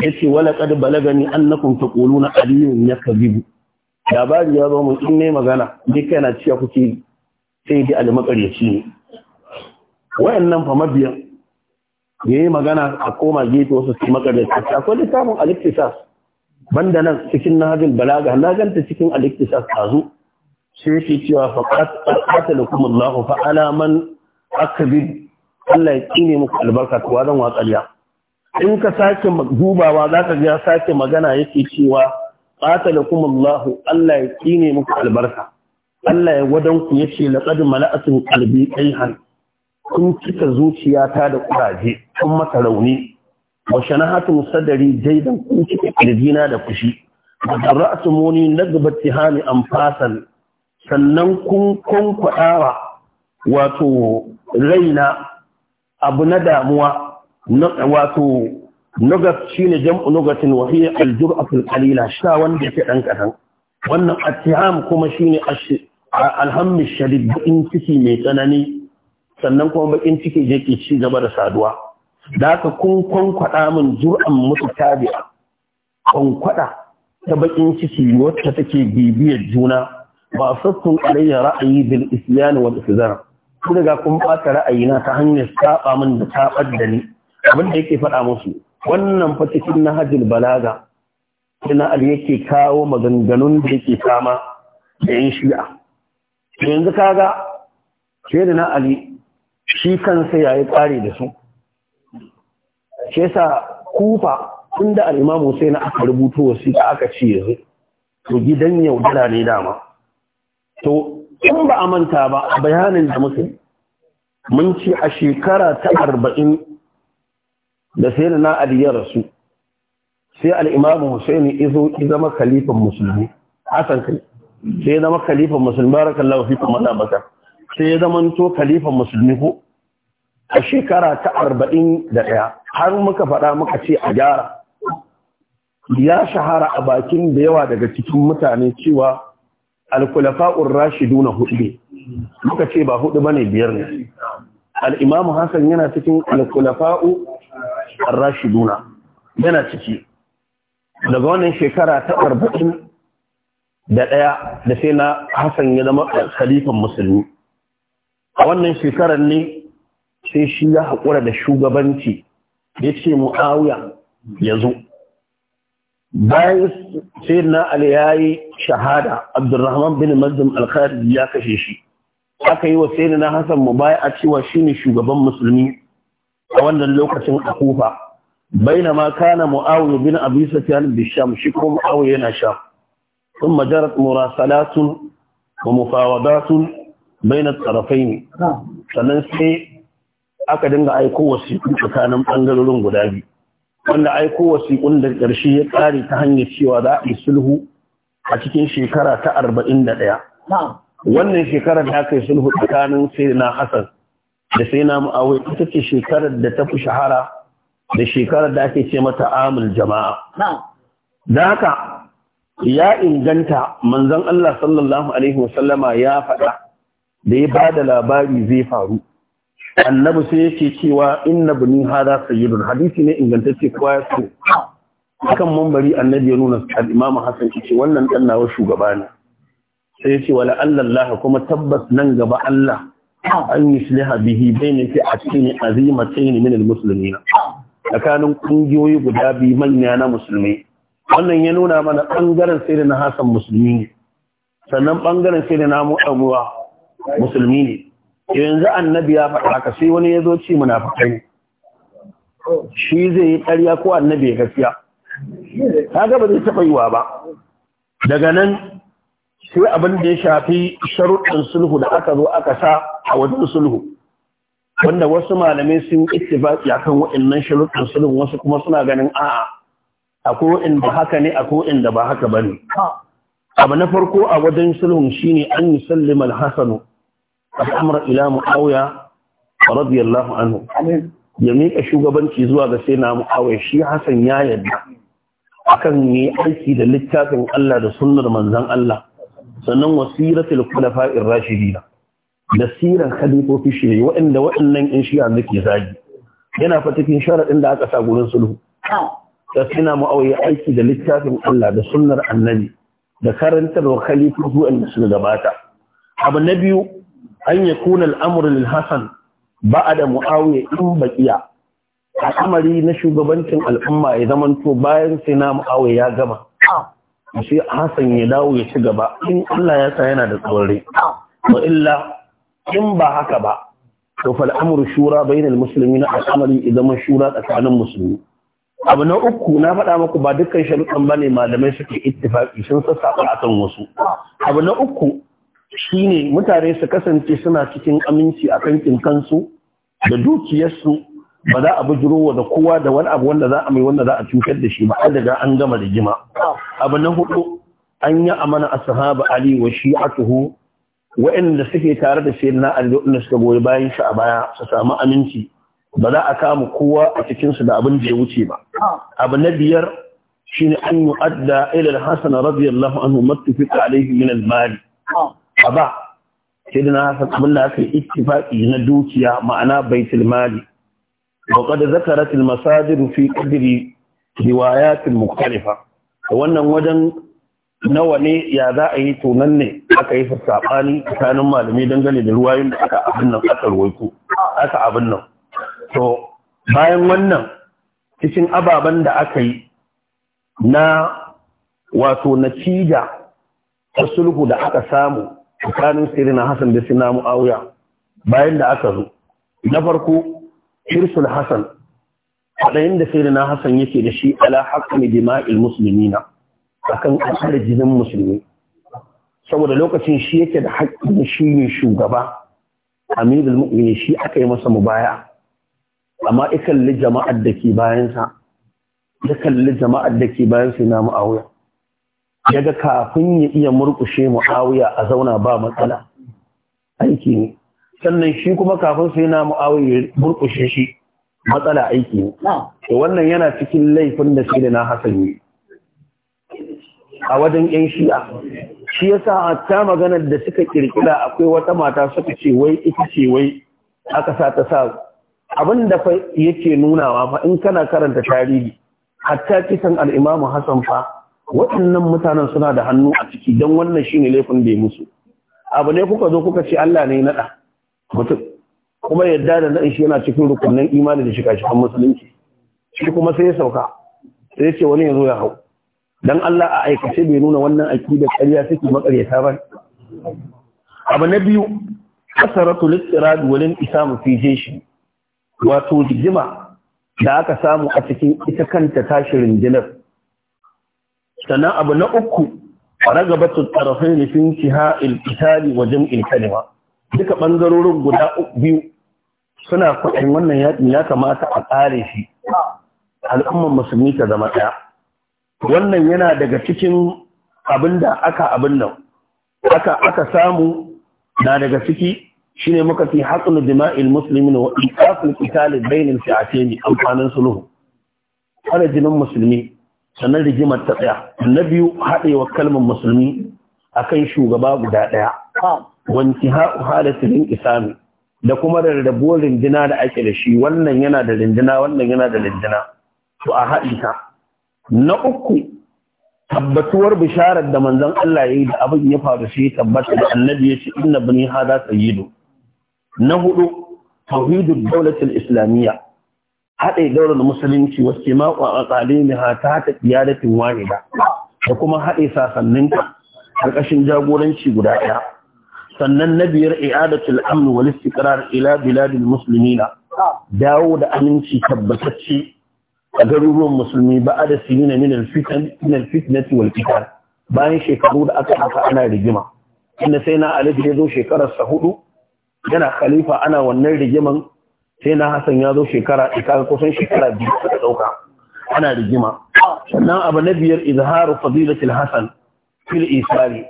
ya ce wala kad balagani annakum na aliyun bibu labari ya zo mun in ne magana duk yana cewa kuke sai dai almakaryaci ne wayannan fa mabiyan yayi magana a koma gefe wasu su makarin akwai littafin al-iktisas banda nan cikin nahjul balaga na ganta cikin al-iktisas tazo sai yake cewa faqat qatalakum Allah fa ala man akbid Allah ya kine muku albarka to zan watsaliya in ka sake dubawa zaka ga sake magana yake cewa qatalakum Allah Allah ya kine muku albarka Allah ya wadan ku yace laqad mala'atun qalbi qayhan kun cika zuciyata da kuraje kun mata rauni wa shanahatu sadari jaidan kun cika kirjina da fushi wa dara'tumuni nagbat tihami anfasan sannan kun kun kwadawa wato raina abu na damuwa wato nugat shine jam'u nugatin wa hiya al-jur'atu al-qalila sha wanda ke dan kadan wannan attiham kuma shine alhammi shadid in ciki mai tsanani sannan kuma bakin ciki yake ci gaba da saduwa da haka kun kwankwada min jur'an mutu tabi'a kwankwada ta bakin ciki wacce take bibiyar juna ba sassun alayya ra'ayi bil isyan wal istizar kun ga kun bata ra'ayina ta hanyar saba min da tabar da ni abin da yake faɗa musu wannan fa cikin nahajul balaga ina al yake kawo maganganun da yake sama da yin shi'a yanzu kaga sai da na ali shi kansa ya yi ƙari da su shi yasa kufa inda al'imamu sai na aka rubuto da aka ce yanzu to gidan yaudara ne dama to in ba a manta ba a bayanin da muke. mun ce a shekara ta arba'in da sai na ali ya rasu sai al'imamu husaini izo zama khalifan musulmi hasan kai sai zama khalifan musulmi barakallahu fi kuma sai ya zama to khalifan musulmi ko a shekara ta arba'in da ɗaya har muka faɗa muka ce a gyara ya shahara a bakin da yawa daga cikin mutane cewa alkulafa'ur rashidu na hudu ne muka ce ba hudu bane biyar ne al'imamu hassan yana cikin alkulafa'u rashiduna yana ciki daga wannan shekara ta arba'in da ɗaya da sai na hassan ya zama khalifan musulmi a wannan shekarar ne sai shi ya haƙura da shugabanci ya ce mu'awiya ya zo bayan sai na ali ya yi shahada abdurrahman bin mazdim alkhari ya kashe shi aka yi wa sai na hassan mu baya a cewa shi ne shugaban musulmi a wannan lokacin a kufa bainama kana mu'awiya bin abi sufyan bi sham shi ko mu'awiya yana sham ثم جرت مراسلات ومفاوضات بين الطرفين sannan sai aka dinga aiko wasiƙu tsakanin ɓangarorin guda biyu wanda aiko wasiƙun da ƙarshe ya ƙare ta hanyar cewa za a yi sulhu a cikin shekara ta arba'in da ɗaya wannan shekarar da aka yi sulhu tsakanin sai na hasan da sai na mu'awai ita ce shekarar da ta fi shahara da shekarar da ake ce mata amul jama'a da haka ya inganta manzon Allah sallallahu alaihi wasallama ya faɗa da ya ba da labari zai faru annabi sai yake cewa inna bani hada sayyidun hadisi ne ingantacce kowa ya so kan mambari annabi ya nuna al-imamu hasan ce wannan dan nawa shugaba ne sai yace wala Allah kuma tabbas nan gaba Allah an yusliha bihi bayna fi atin azimatayn min al-muslimin tsakanin kungiyoyi guda biyu manya na musulmi wannan ya nuna mana bangaren sayyidina hasan musulmi ne sannan bangaren sayyidina mu'awiya musulmi ne yanzu annabi ya faɗa ka sai wani ya zo ci munafikai ne shi zai yi ƙarya ko annabi ya gaskiya Ta gaba zai taɓa yiwa ba daga nan sai abin da ya shafi sharuɗin sulhu da aka zo aka sa a wajen sulhu wanda wasu malamai sun ittifaqi akan waɗannan sharuɗin sulhu wasu kuma suna ganin a'a in da haka ne in da ba haka ba ne? abu na farko a wajen sulhun shine an yi al-hasanu al'amur ila mu'awiya radiyallahu anhu ya miƙa shugabanci zuwa ga sai na mu'awiya shi hasan ya yadda akan yi aiki da littafin Allah da sunnar manzon Allah sannan wasiratul khulafa'ir rashidin da siran khalifofi shi ne waɗanda waɗannan in shi'a muke zagi yana fatakin cikin sharaɗin da aka sa gurin sulhu da suna mu'awiya aiki da littafin Allah da sunnar annabi da karantarwa khalifofi waɗanda suka gabata abu na biyu an yi kuna al'amur hassan hasan ba da mu'awiya in baƙiya al'amari na shugabancin al'umma ya zamanto bayan sai na mu'awiya ya gama shi Hassan ya dawo ya ci gaba in Allah ya sa yana da tsauri To illa in ba haka ba to fa al'amur shura bainal na al'amari zama shura tsakanin musulmi abu na uku na faɗa maku ba dukkan sharuɗan ne malamai suke ittifaki sun sassaɓa akan wasu abu na uku shine mutane su kasance suna cikin aminci a kankin kansu da dukiyarsu ba za a bujirowa da kowa da wani abu wanda za a mai wanda za a cutar da shi ba an daga an gama da jima abu na hudu an yi amana sahaba ali wa tuhu wa'anda suke tare da sayyidina ali da suka goyi bayan shi a baya su samu aminci ba za a kama kowa a cikinsu da abin da ya wuce ba. Abu na biyar shi ne an yi adda ilal Hassan radiyallahu anhu matufiƙa alaihi min al-mali. ba sai da na haka abin da aka yi ittifaqi na dukiya ma'ana baitul mali wa qad zakarat da rufi kadiri riwaya riwayat Da wannan wajen nawa ne ya za a yi tunan ne aka yi sassafani tsakanin malamai dangane da ruwayoyin da aka abin nan aka ruwaito aka abin nan to bayan wannan cikin ababen da aka yi na wato natija ta sulhu da aka samu tsakanin siri na Hassan da sina mu'awuya bayan da aka zo na farko hirsul Hassan kwaɗayin da siri na Hassan yake da shi ala musulmi na a kan ƙasar jinin musulmi saboda lokacin shi yake da haƙƙin shi ne shugaba amirul mu'mini shi aka yi masa mubaya amma ikalli jama'ar da ke bayansa ikalli kalli jama'ar da ke bayan na mu'awiya ya ga kafin ya iya murƙushe mu'awiya a zauna ba matsala aiki ne sannan shi kuma kafin su yana mu'awiya murƙushe shi matsala aiki ne to wannan yana cikin laifin da shi da na hasan yi a wajen yan shi'a shi yasa hatta maganar da suka kirkira akwai wata mata suka ce wai ita ce wai aka sa ta sa abin da fa yake nunawa fa in kana karanta tarihi hatta kisan al imamu Hassan fa waɗannan mutanen suna da hannu a ciki don wannan shi ne laifin da ya musu abu ne kuka zo kuka ce Allah ne naɗa mutum kuma yadda da naɗin shi yana cikin rukunin imani da shiga cikin musulunci shi kuma sai ya sauka sai ya ce wani ya zo ya hau Don Allah a aikace bai nuna wannan aiki da ƙarya suke makaryata ba abu na biyu kasaratu littirad isa mu fi shi, wato jigima da aka samu a cikin ita kanta tashi rundunar sannan abu na uku ragabatu tarafin fi intiha al-qitali wa kalima duka ɓangarorin guda biyu suna kwaɗin wannan yaƙin ya kamata a ƙare shi al'umman musulmi ta zama ɗaya wannan yana daga cikin abin da aka abin nan aka samu na daga ciki shine muka fi haƙin jima'il Musulmi ƙitalin wa shi a ce fi'atayn amfanin sulhu ana musulmi sannan rigimar ta tsaya na biyu haɗewa kalmar musulmi akan shugaba guda ɗaya su halatin isami da kuma da rarrabuwar rindina da ake da shi wannan yana da rindina wannan yana da rindina to a haɗi ta na uku tabbatuwar bisharar da manzon Allah ya yi da abin ya faru shi tabbata da annabi ya ce inna bani hada sayyidu na hudu tauhidul dawlatul islamiyya haɗe daular musulunci wasu maƙon a tsalimi ha ta haɗa ƙiyadatin wahida da kuma haɗe sasanninka ƙarƙashin jagoranci guda ɗaya sannan na biyar i'adatul amn wal istiqrar ila biladil muslimina dawo da aminci tabbatacce a garuruwan musulmi ba da sinina min al fitan min al wal qital bayan shekaru da aka haka ana rigima inda sai na alif ya zo shekarar sa hudu yana khalifa ana wannan rigiman sai na hasan ya zo shekara ɗaya kusan shekara biyu aka ɗauka ana rigima sannan abu na biyar izharu fadilatul hasan fil isari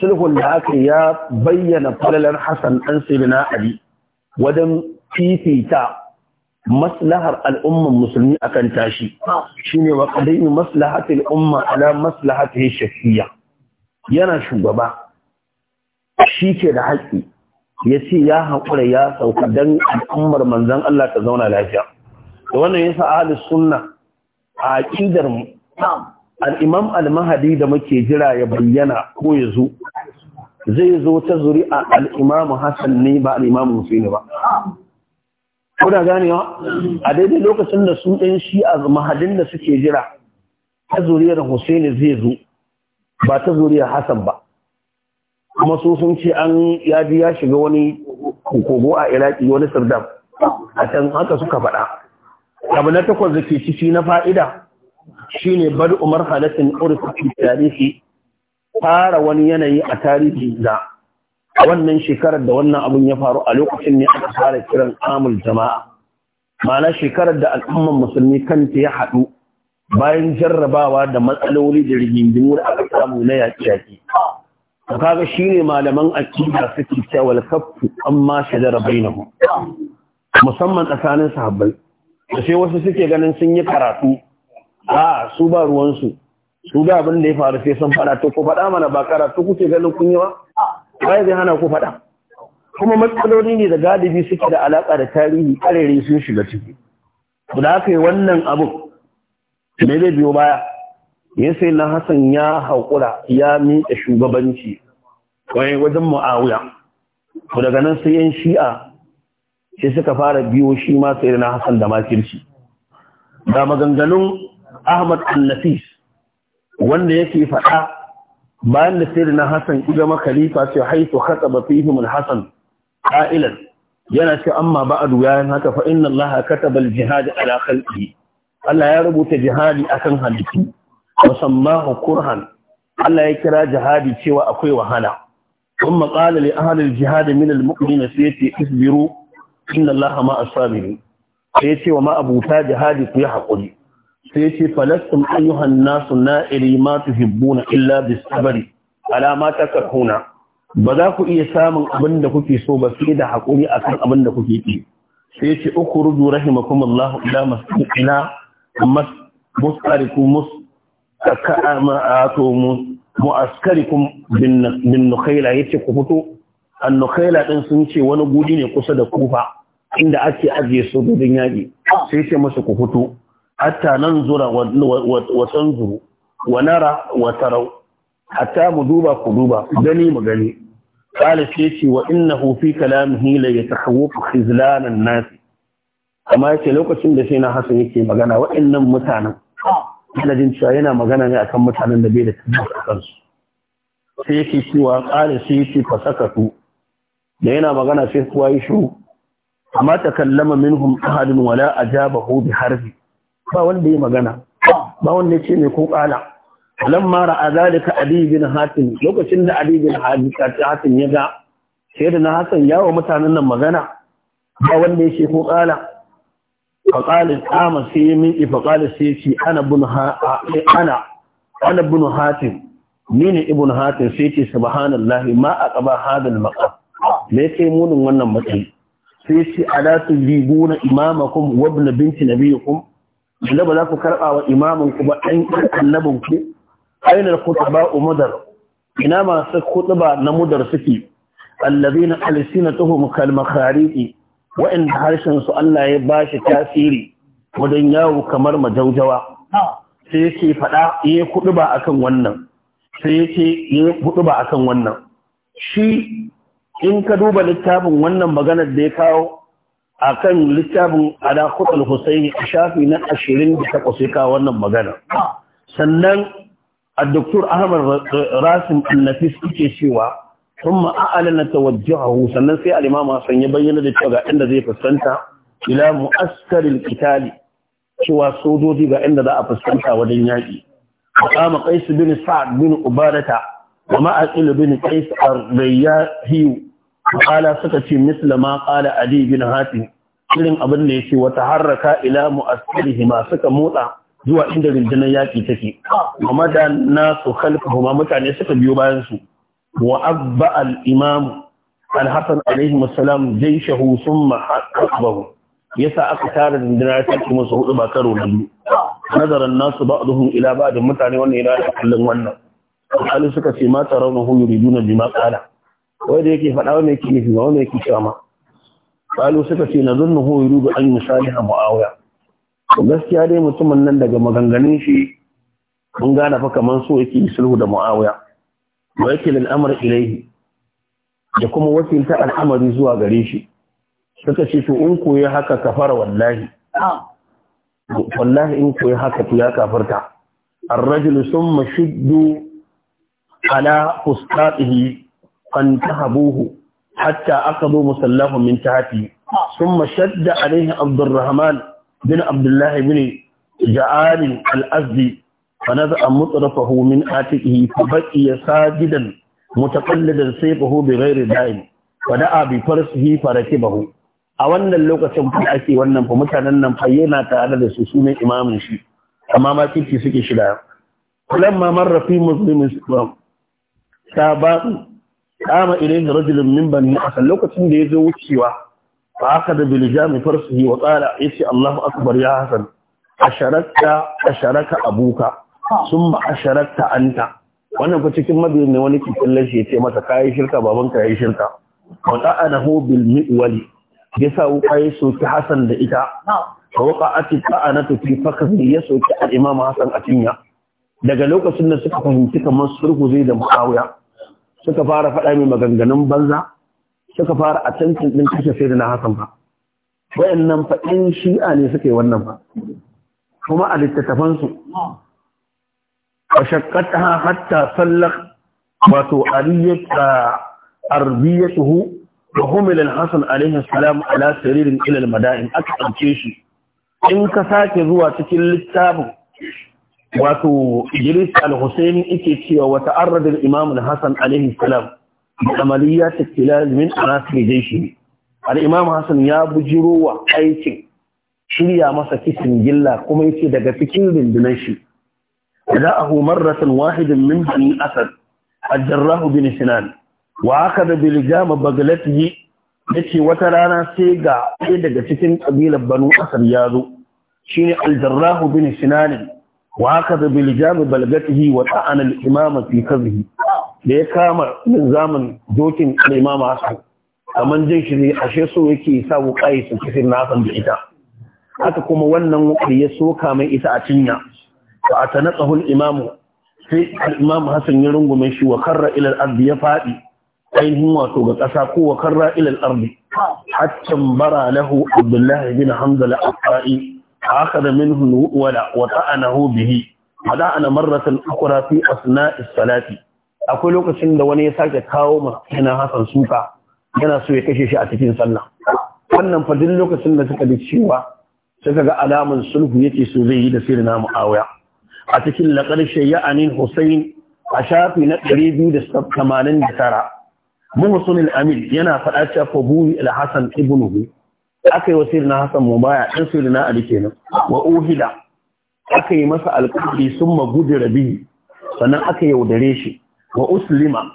sulhun da aka ya bayyana falalar hasan ɗan sayyidina ali wajen fifita maslahar al'ummar musulmi akan tashi shine wa qadimi maslahatil umma ala maslahatihi shafiya yana shugaba shi ke da haƙƙi ya ce ya haƙura ya sauka don al'ummar manzan Allah ta zauna lafiya. Da wannan ya sa ahalus sunna a ƙidar al'imam al-mahadi da muke jira ya bayyana ko ya zo, zai zo ta zuri a al’imam Hassan ne ba al'imamu Musulmi ba. Kuna ganewa? A daidai lokacin da su ɗan shi a mahadin da suke jira, ta zuriyar Hussaini zai zo, ba ta zuriyar Hassan ba. kuma so sun ce an ya ji ya shiga wani kogo a iraki wani sirdam a can haka suka faɗa abu na takwas da ke ciki na fa'ida shine bar umar halatin urfi tarihi fara wani yanayi a tarihi da wannan shekarar da wannan abun ya faru a lokacin ne aka fara kiran amul jama'a ma'ana shekarar da al'umman musulmi kan ta ya haɗu bayan jarrabawa da matsaloli da rigingimu da aka samu na yaƙi-yaƙi ka kaga shine malaman aqida suke cewa wal kaffu amma shajara bainahum musamman tsakanin sahabbai da sai wasu suke ganin sun yi karatu a su ba ruwan su su da abin da ya faru sai sun fada to ku fada mana ba karatu kuke ganin kun yi ba bai zai hana ku fada kuma matsaloli ne da galibi suke da alaka da tarihi karere sun shiga ciki da aka wannan abu me zai biyo baya ya sai na Hassan ya haƙura ya miƙa shugabanci wajen ma'awuya Ku daga nan sai yan shi'a sai suka fara biyo shi ma sai na Hassan da makirci ga maganganun Ahmad al wanda yake faɗa bayan da sai na Hassan iga makalifa sai haka ba fi himin hasan yana ce amma duya yin haka fa inna Allah kataba al ala khalqihi Allah ya rubuta jihadi akan halittu musammahu kurhan Allah ya kira jihadi cewa akwai wahala kun maqala li ahli aljihad min almu'minin fi yati isbiru inna Allah ma asabiru sai ya ce wa ma jihadi ku yi hakuri sai ya ce falastum ayyuhan nasu na ma tuhibbuna illa bisabri Alama ma takrahuna ba za ku iya samun abin da kuke so ba sai da hakuri akan abin da kuke yi sai ya ce ukhruju rahimakumullah ila masjidina mas musarikum mus to kun bin nukhaila yace ku fito an nukhaila din sun ce wani gudi ne kusa da kufa inda ake ajiye sojojin yaƙi sai ce musu ku fito hatta nan zura wa tanzuru wa nara wa tarau hatta mu duba ku duba gani mu gani qala sai ce wa innahu fi kalamihi la yatakhawwafu khizlan an-nas amma yace lokacin da sai na hasan yake magana waɗannan mutanen yana cewa yana magana ne akan mutanen da bai da tabbas a kansu sai yake cewa ƙara sai yake fasakatu da yana magana sai kuwa yi shiru amma ta kallama minhum ahadin wala ajabahu bi harbi ba wanda ya magana ba wanda ce mai ko ƙala ma ra'a zalika ali bin hatim lokacin da ali bin hatim ya ga sai da na hasan yawo mutanen nan magana ba wanda ya ko ƙala faƙalin ƙama sai ya minki faƙalin sai ya ce ana bin hatin ni ne ibn hatin sai ce subhanallahi ma a ƙaba hadal maƙa me kai munin wannan matsayi sai ce ala tulibuna imamakum wa ibn binti nabiyikum da ba za ku karɓa wa imamin ku ba ɗan annabin ku ainihin kutuba mudar? ina masu ba na mudar suke na alisina tuhum kal makhariki waɗanda harshen su Allah ya ba shi tasiri wajen yawo kamar majaujawa sai ya ce faɗa ya kudu ba a kan wannan sai ya ce ya kudu ba a kan wannan shi in ka duba littafin wannan maganar da ya kawo a kan littafin ala hussaini husaini a shafi na ashirin da ta kwasai kawo wannan magana sannan a Dr ahmad rasim annafis ke cewa ثم أعلن توجهه سنن سي الإمام حسن يبين لتوغا عند ذي فسنتا إلى مؤسكر القتال شوى سودودي عند ذا فسنتا ودنياجي وقام قيس بن سعد بن عبادة وما أقل بن قيس الرياهي وقال سكتي مثل ما قال علي بن هاتم irin abin da yake wata harraka ila mu'assirihi ma suka motsa zuwa inda rundunar yaki take amma da nasu khalfahuma mutane suka biyo bayan su وأبأ الإمام الحسن عليه السلام جيشه ثم حقبه يسا أكتار من تلك مسعود باكروا ونبي نظر الناس بعضهم إلى بعض متعني وانا إلى حل وانا قالوا سكا ما ترونه يريدون بما قال وإذا يكي فلا وما يكي نفي وما يكي شاما قالوا سكا نظنه يريد أن يصالح معاوية وقالوا dai mutumin nan daga maganganun shi mun gane fa kaman so yake wakil al’amur ilaihi da kuma wakilta al’amari zuwa gare shi suka ce to in koyi haka kafar wallahi wallahi in koyi haka tu ya kafarta arrajulu sun mashiddu ala fuskaɗihi kwanta habuhu hatta aka zo musallahu min tafi sun mashadda alaihi abdurrahman bin abdullahi bin ja'arin al-azdi فنزع مطرفه من آتئه فبقي ساجدا متقلدا سيفه بغير دائم ودعا بفرسه فركبه a wannan lokacin fa ake wannan fa mutanen nan fa yana tare da su sunan imamin shi amma ma kici suke shida kullum ma marra fi muslimin islam sabaqu kama ilayhi rajulun min bani asal lokacin da yazo wucewa fa aka da biljami farsihi wa qala yace Allahu akbar ya hasan asharaka asharaka abuka sun ba a an ta. wannan ku cikin mabiyin ne wani kallon lashe ce mata kayi shirka baban ka yayi shirka wa na bil mi'wali ya sa wuka ya soki hasan da ita fa waqa'ati ta'anatu faka fakhi ya soki al-imam hasan a cinya daga lokacin da suka fahimci kamar sulhu zai da muawiya suka fara faɗa mai maganganun banza suka fara a tantin din kashe na hasan ba wayannan faɗin shi'a ne suka yi wannan ba kuma a littattafansu fashakkataha hatta sallar, wato ariyata arbiyatuhu wa humil al-hasan alaihi salam ala saririn ila al-mada'in aka ɗauke shi in ka sake zuwa cikin littafin wato Idris AlHusaini husaini yake cewa wa ta'arrada al-Imam al-Hasan alaihi salam bi amaliyat al-tilal min imam Hassan ya bujiro wa aikin shirya masa kicin gilla kuma yace daga cikin rundunar shi جاءه مرة واحد من بني أسد الجراح بن سنان وأخذ بلجام بغلته yace wata rana sai ga ɗaya daga cikin ƙabilar Banu Asad ya zo shine Al-Jarrah bin Sinan wa haka da wa ta'an al-imama fi kadhihi ya kama min zaman dokin al-imama Hasan kaman jin shi ne ashe so yake sa wuƙa ya su kifin nasan da ita haka kuma wannan wuƙar ya soka mai ita a cinya fa atanaqahu al-imamu sai al Hassan ya rungume shi wa karra ila al-ard ya fadi ainihin wato ga kasa ko wa karra ila al-ard hatta bara lahu Hamza al-Afai akhadha minhu wala wa ta'anahu bihi hada ana marratan ukhra fi asna' as-salati akwai lokacin da wani ya sake kawo ma yana Hassan suka yana so ya kashe shi a cikin sallah wannan fa duk lokacin da suka ji cewa suka ga alamun sulhu yake so zai yi da sirri na mu'awiya a cikin laƙar shayyanin Hussein a shafi na 289 muhsin al-amin yana faɗa cewa fabuhi al-hasan ibnuhu yi wasir na hasan mubaya dan na ali kenan wa uhida yi masa alqabri sun gudira bihi sannan aka yaudare shi wa uslima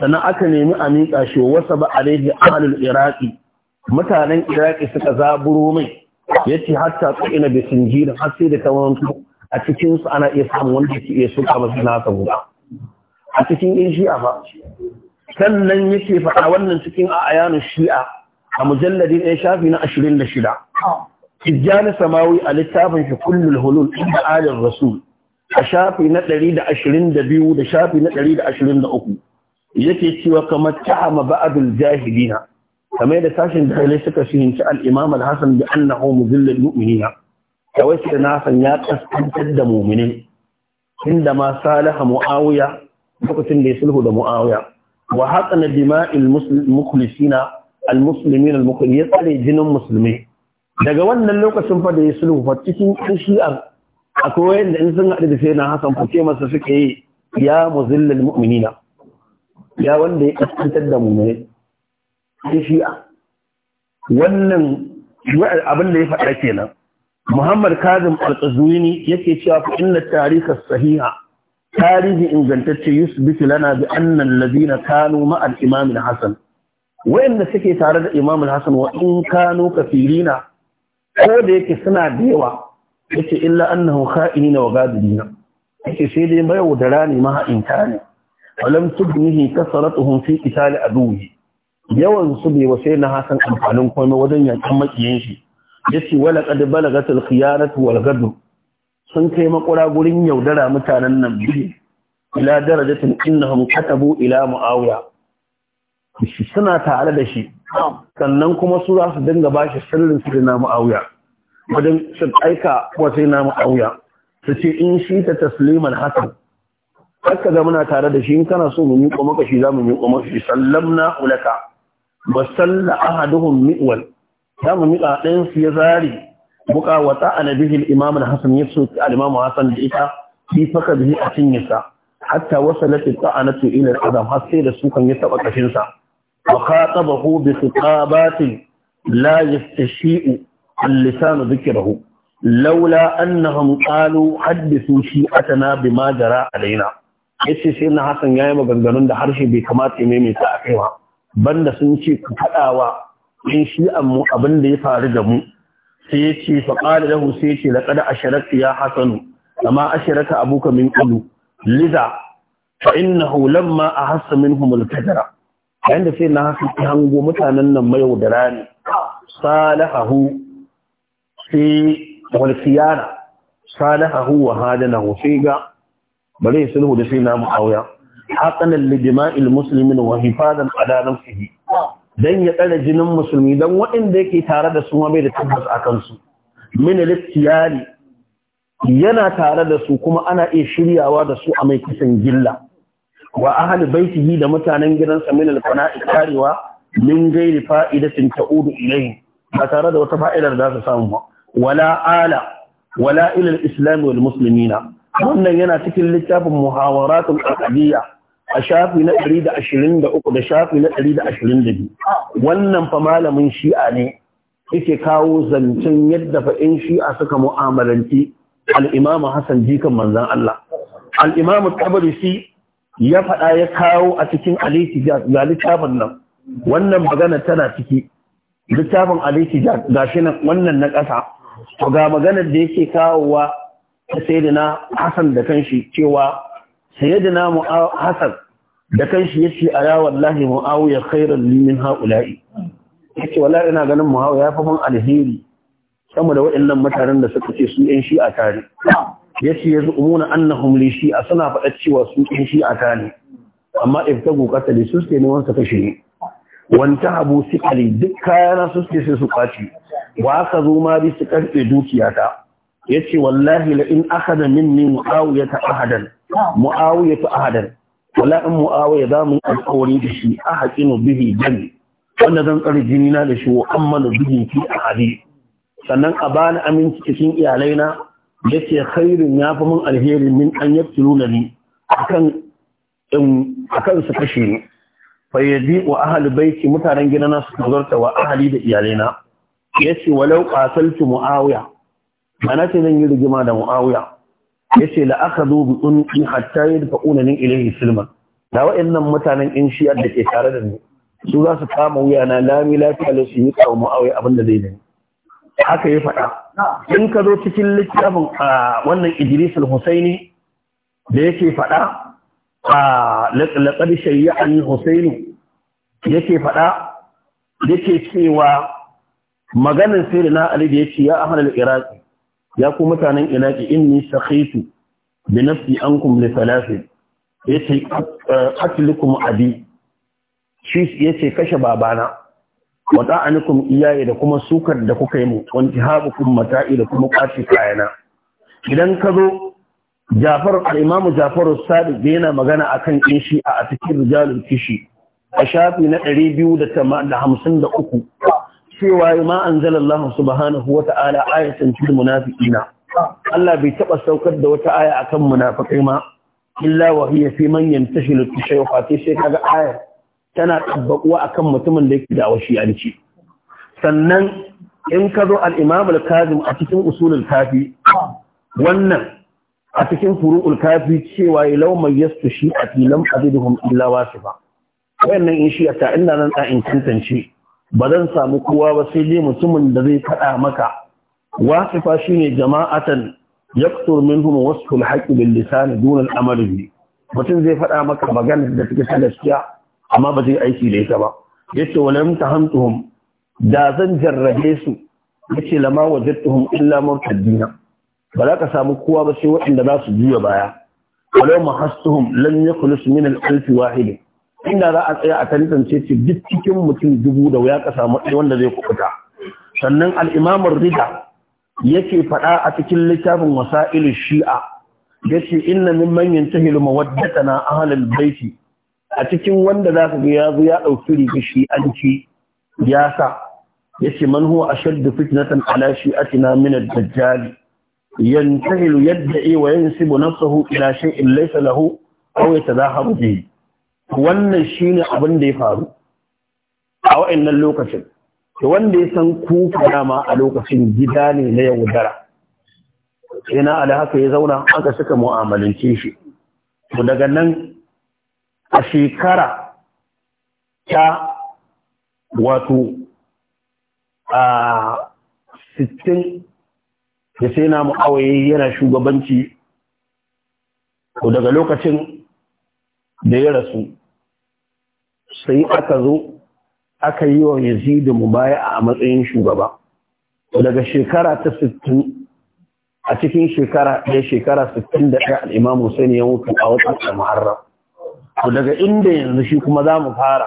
sannan aka nemi a miƙa shi wasa ba alaihi ahlul iraƙi mutanen iraƙi suka zaburo mai yace hatta tsina bi sinjirin har sai da tawanto a cikin su ana iya samun wanda ke iya suka masu na a cikin yin shi'a fa sannan yake faɗa wannan cikin a ayanu shi'a a mujalladi ɗaya shafi na ashirin da shida tijjani samawi a littafin shi kullul hulul inda alin rasul a shafi na ɗari da ashirin da biyu da shafi na ɗari da ashirin da uku yake cewa kamar ta'ama ba'adul jahilina kamar da sashin jahilai suka fahimci al-imam al-hasan bi annahu muzillul mu'minina da wasu nasan ya kaskantar da muminin inda ma salaha mu'awiya lokacin da ya sulhu da mu'awiya wa hatsana dima'il mukhlisina al-muslimin al ya tsare jinin musulmi daga wannan lokacin fa da ya sulhu fa cikin shi'ar akwai wanda in sun haɗu da sai na hasan fa ce masa suke yi ya al mu'minina ya wanda ya kaskantar da mu'mini shi'a wannan abin da ya faɗa kenan muhammad kazim al-qazwini yake cewa fa inna tariha sahiha tarihi ingantacce yusbitu lana bi anna alladhina kanu ma al-imam al-hasan wayanda suke tare da imam al-hasan wa in kanu kafirina ko da yake suna da yawa yace illa annahu kha'inina wa gadibina yake sai dai mai wudara ne ma inta ne walam tubnihi kasaratuhum fi qital aduwi yawan su bai wasai na hasan amfanin komai wajen yankan makiyin shi yace wala qad balagat al khiyanatu wal gadu sun kai makura gurin yaudara mutanen nan biyu ila darajatin innahum katabu ila muawiya suna tare da shi sannan kuma su za su dinga bashi sirrin su na muawiya wajen su aika wa sai na muawiya su ce in shi ta tasliman hasan haka ga muna tare da shi in kana so mu miƙo maka shi za mu miƙo maka shi sallamna ulaka wa salla ahaduhum mi'wal za mu miƙa ɗayan su ya zare buka wa ta'ala bihi al-imam al-hasan yasu al-imam hasan da ita fi faka bihi a sa. hatta wasalat at-ta'anatu ila al-adam har sai da sukan ya taba kashin sa wa khatabahu bi khitabatin la yastashi'u al-lisanu dhikrahu laula annahum qalu hadithu Atana, bima jara alaina yace sai na hasan yayi maganganun da harshe bai kamata ya maimaita a kai ba banda sun ce ku fadawa In shi mu abin da ya faru da mu sai ya ce faƙari lahu sai ya ce laƙada asharakta ya hasanu amma asharaka abuka min ƙulu liza fa innahu ma a hasa min humul kadara yayin da sai na hasa hango mutanen nan mai yaudara ne salahahu sai walfiyana salahahu wa hadanahu sai ga bare sulhu da sai na mu'awiya haƙanan lijima'il muslimin wa hifadan ala nafsihi dan ya tsare jinin musulmi dan waɗanda yake tare da su ma bai da tabbas a kansu min al yana tare da su kuma ana iya shiryawa da su a mai kisan gilla wa ahli baitihi da mutanen gidansa min al-qana'i min gairi fa'idatin ta'udu ilayhi ba tare da wata fa'idar da su samu wala ala wala ila al wal wannan yana cikin littafin muhawaratun aqdiyya a shafi na 123 da shafi na 122 wannan fa malamin shi'a ne yake kawo zancen yadda fa in shi'a suka mu'amalanci al-Imam Hassan jikan manzon Allah al-Imam Tabarisi ya faɗa ya kawo a cikin Aliti ga littafin nan wannan magana tana ciki littafin Aliti ga shi nan wannan na ƙasa to ga maganar da yake kawowa ta sayyidina Hassan da kanshi cewa sayyidina hasan da kanshi yace ala wallahi muawiya khairan li min haula'i yace wallahi ina ganin muawiya ya fafan alheri sama da waɗannan mutanen da suka ce su yan shi'a tare yace yazumuna annahum li shi'a suna faɗa cewa su yan shi'a tare amma ibtagu qatali su ne wanda kashe ne wanta abu sikali duk kayana su suke sai su kwaci wa aka zo ma bi su karfe dukiyata yace wallahi la in akhadha minni muawiyata ahadan mu'awiya ta ahadan wala in mu'awiya za mu alƙawari da shi a haƙinu bihi jami wanda zan tsare jini na da shi wa ammanu bihi fi ahadi sannan a bani aminci cikin iyalaina yace khairin ya fi mun alheri min an yaktuluna ni akan in akan su kashe ni fa yadi wa ahli baiti mutanen na su zarta wa ahli da iyalaina yace walau qataltu mu'awiya ana ce zan yi rigima da mu'awiya yace la akhadhu bukun unqi hatta da ni ilayhi silman da wa'annan mutanen in shi da ke tare da ni su za su kama wuya na lami lafiya da su yi kawo mu'awai abin da zai haka ya faɗa in ka zo cikin littafin wannan idris al-husaini da yake faɗa a laƙar shari'an husaini yake faɗa yake cewa maganin da na ali da ya ce ya hana al ya ku mutanen ilaki inni sakhitu bi nafsi ankum li salasin yace qatlukum abi shi yace kashe babana wa ta'anukum iyaye da kuma sukar da kuka yi mu wanti habukum mata'i da kuma kashi kayana idan ka zo Jafar al-Imam Jafar al-Sadiq yana magana akan kishi a cikin rijalul kishi a shafi na 253 cewa ma anzalallahu subhanahu wata'ala ayatan munafuki na. Allah bai taɓa saukar da wata aya akan munafikai ma illa wa hiya fi man yantashilu tashayfa sai kaga aya tana tabbakuwa akan mutumin da yake da washiyanci sannan in ka zo al-imam al-kazim a cikin usulul kafi wannan a cikin furu'ul kafi cewa law mayyastu a lam aziduhum illa wasifa wayannan in shi'ata inna nan ta in tantance ba zan samu kowa ba sai dai mutumin da zai faɗa maka wasifa shine jama'atan yaktur minhum wasful haqqi bil lisan dun al amal bi mutum zai faɗa maka magana da take ta gaskiya amma ba zai aiki da ita ba yace walam tahamtuhum da zan jarrabe su yace lama wajadtuhum illa murtadina. ba za ka samu kowa ba sai waɗanda za su juya baya walau mahastuhum lam yakhlis min al alf wahid inda za a tsaya a tantance ce duk cikin mutum dubu da wuya ka samu da wanda zai kubuta sannan Al'imamar rida yake faɗa a cikin littafin wasa'ilu shi'a ya yace inna min manyan yantahilu mawaddatana ahlul baiti a cikin wanda za ka ga ya zo ya ɗauki riga shi'anci ya sa "Ya ce man huwa ashaddu fitnatan ala shi'atina min ad-dajjal yantahilu yadda'i wa yansibu nafsahu ila shay'in laysa lahu za yatadahabu bihi wannan shi ne abin da ya faru a wa'annan lokacin to wanda ya san kuka dama a lokacin gida ne na yaudara yana ala haka ya zauna aka suka mu'amalance shi to daga nan a shekara ta wato a 60 da sai na mu'awaye yana shugabanci to daga lokacin da ya rasu sai aka zo aka yi wa yazidu mubaya a matsayin shugaba daga shekara ta 60 a cikin shekara ɗaya shekara al'imamu sai ne ya mutu a watan Muharram to daga inda yanzu shi kuma za mu fara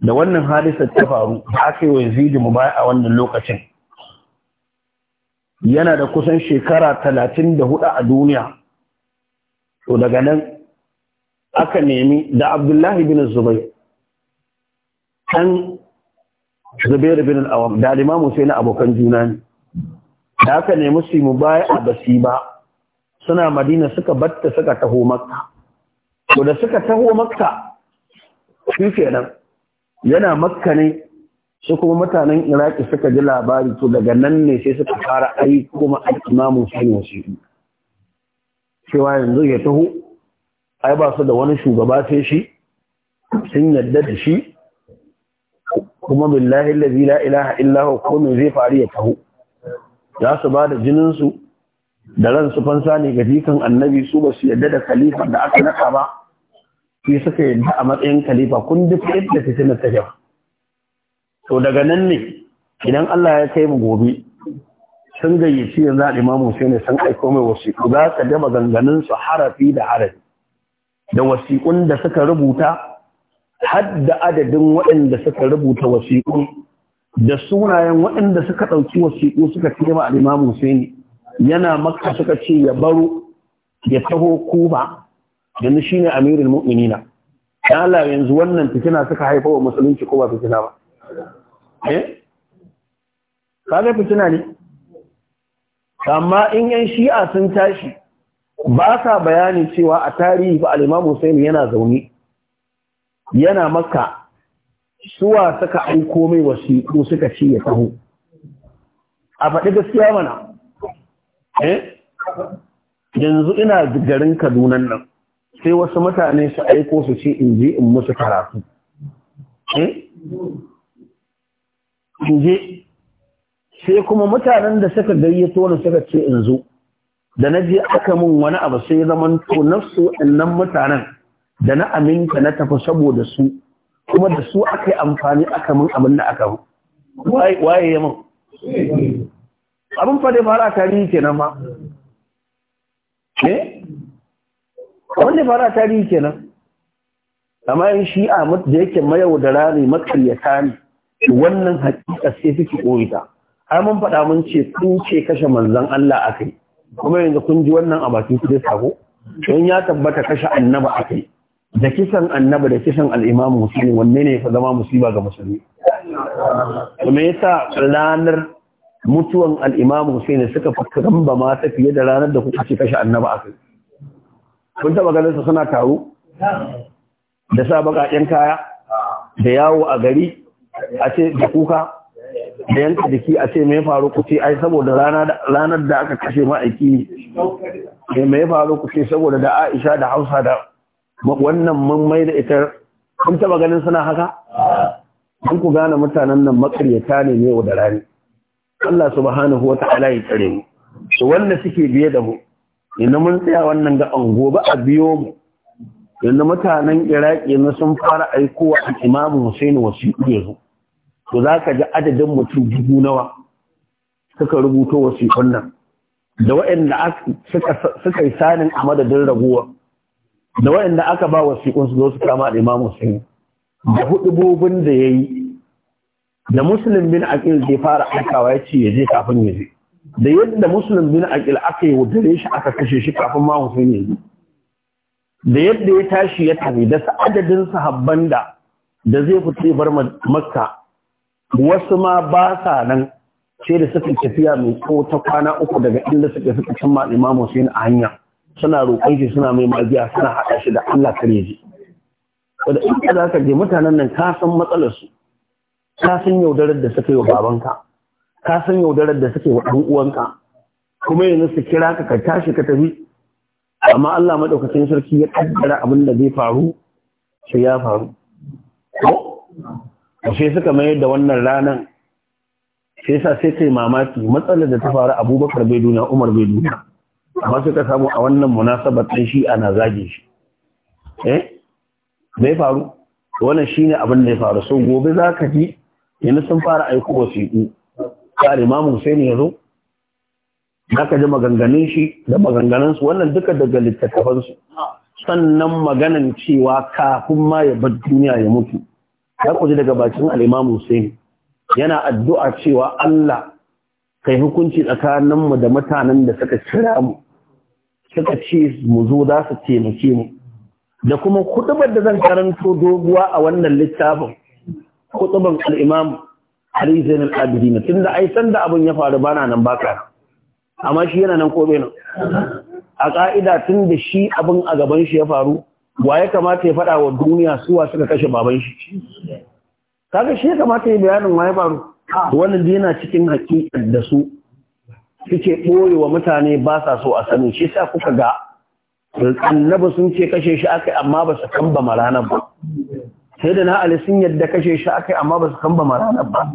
da wannan hadisa ta faru da aka yi wa yazidu mubaya a wannan lokacin yana da kusan shekara 34 a duniya to daga nan aka nemi da abdullahi bin zubair ɗan da bin al’awam da limamu sai na abokan juna ne da aka nemi su mu baya a basi ba suna madina suka batta suka taho makka to suka taho makka shi nan yana makka ne su kuma mutanen iraki suka ji labari to daga nan ne sai suka fara aiki kuma aiki imamu sai wasu cewa yanzu ya taho ai ba su da wani shugaba sai shi sun yadda da shi kuma billahi allazi la ilaha illa hu komai zai faru ya taho za su ba da jinin da ran su fansa ne ga jikan annabi su ba su yadda da khalifa da aka naka ba shi suka yadda a matsayin khalifa kun duk yadda fitina ta jawa to daga nan ne idan Allah ya kai mu gobe sun gayyaci yanzu al-imamu sai ne san aiko mai wasiƙu za ka daba maganganun su harafi da harafi da wasiƙun da suka rubuta hadda adadin waɗanda suka rubuta wasiƙun da sunayen waɗanda suka ɗauki wasiƙu suka a Limamu Hussein yana makka suka ce ya baro ya taho kuba yanzu shine amirul mu'minina dan Allah yanzu wannan fitina suka haifa wa musulunci ko ba fitina ba eh kaga fitina ne amma in yan shi'a sun tashi ba sa bayani cewa a tarihi ba al-Imam Hussein yana zaune yana maka suwa an komai wasi ko suka ce ya taho a faɗi gaskiya mana eh yanzu ina garin Kaduna nan sai wasu mutane su aiko su ce in je in musu karatu eh in je sai kuma mutanen da suka gayyato ni suka ce in zo da na je aka min wani abu sai zaman to nafsu annan mutanen da na aminta na tafi saboda su kuma da su aka yi amfani aka min abin da aka mu waye ya min abin fadai fara tarihi kenan ma eh abin da fara tarihi kenan amma a mutu da yake mayaudara ne makaryata ne wannan hakika sai suke koyi ta har mun faɗa mun ce kun ce kashe manzan Allah akai kuma yanzu kun ji wannan a bakin ku sako don ya tabbata kashe annaba a kai da kisan annaba da kisan al'imam musulmi wanne ne fa zama musiba ga musulmi kuma sa ranar mutuwan al'imam musulmi suka fi ramba ta fiye da ranar da kuka ce kashe annaba a kai kun taba ganin su suna taru, da sa baƙaƙen kaya da yawo a gari a ce da kuka da yanka jiki a ce mai faru ku ce ai saboda ranar da aka kashe ma'aiki ne eh, mai faru ku ce saboda da aisha da hausa da wannan mun mai da ita kun taba ganin suna haka kun ku gane mutanen nan makaryata ne ne da rani Allah subhanahu wata'ala ya tsare mu to wanda suke biye da mu inda mun tsaya wannan ga an gobe a biyo mu inda mutanen iraki na sun fara aikowa a imamu wasu iya zuwa? to za ka ji adadin mutum dubu nawa suka rubuto wasiƙun nan da waɗanda suka yi sanin a madadin raguwa da waɗanda aka ba wasiƙun su zo su kama da imam Hussein da bobin da ya yi da musulun bin aƙil zai fara aikawa ya ce ya je kafin ya je da yadda musulun bin aƙil aka yi dare shi aka kashe shi kafin ma Hussein ya da yadda ya tashi ya tafi da adadin sahabban da da zai fita bar Makka wasu ma ba sa nan sai da suka tafiya mai ko ta kwana uku daga inda suka suka cimma imamu sai a hanya suna roƙon shi suna mai magiya suna haɗa shi da Allah kare ji wanda in ka zaka je mutanen nan ka san matsalar su ka san yaudarar da suka yi wa babanka ka san yaudarar da suka yi wa ɗan uwanka kuma yanzu su kira ka ka tashi ka tafi amma Allah madaukakin sarki ya kaddara abin da zai faru sai ya faru sai suka mayar da wannan ranar sai sa sai kai mamaki matsalar da ta faru abubakar bai duniya umar bai duniya amma suka samu a wannan munasabar ɗin shi ana zage shi eh bai faru wannan ne abin da ya faru sau gobe za ka ji yanzu sun fara aiko wasiƙu ka sai husaini ya zo za ka ji maganganun shi da maganganunsu wannan duka daga littattafansu sannan maganan cewa kafin ma ya bar duniya ya mutu ya kuji daga bakin al'imamu sai yana addu'a cewa Allah kai hukunci tsakaninmu da mutanen da suka cira mu suka ce mu zo za su taimake mu da kuma kutubar da zan karanto doguwa a wannan littafin kutuban al’imamu Ali Zain na. tun da ai san da abin ya faru bana nan baka amma shi yana nan kobe nan a ka'ida tun da shi abin a gaban shi ya faru wa ya kamata ya faɗa wa duniya suwa suka kashe baban shi kaga shi ya kamata ya bayanin wa ya faru wannan yana cikin haƙiƙar da su suke ɓoye wa mutane ba sa so a sani shi sa kuka ga annabi sun ce kashe shi akai amma ba su kamba marana ba sai da na ali sun yadda kashe shi akai amma ba su kamba marana ba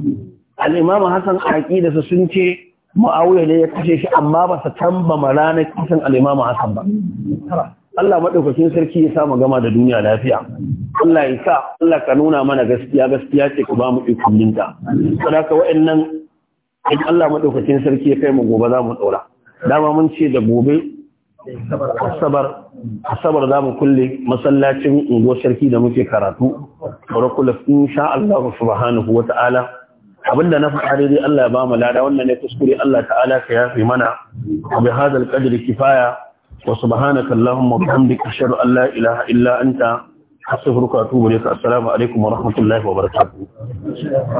al hasan da su sun ce muawiya ne ya kashe shi amma ba su kamba marana kisan al ba Allah maɗaukakin sarki ya sa gama da duniya lafiya Allah ya sa Allah ka nuna mana gaskiya gaskiya ce ka ba mu ikon minta saboda wa'annan in Allah maɗaukakin sarki ya kai mu gobe za mu ɗora dama mun ce da gobe asabar asabar za mu kulle masallacin unguwar sarki da muke karatu barakula insha Allah subhanahu wa ta'ala abinda na faɗa daidai Allah ya ba mu lada wannan ne kuskure Allah ta'ala ka yafe mana bi hadal qadri kifaya wa subhanaka allahumma wa allah ashhadu ilaha illa anta astaghfiruka wa atubu ilayk assalamu alaikum wa rahmatullahi wa barakatuh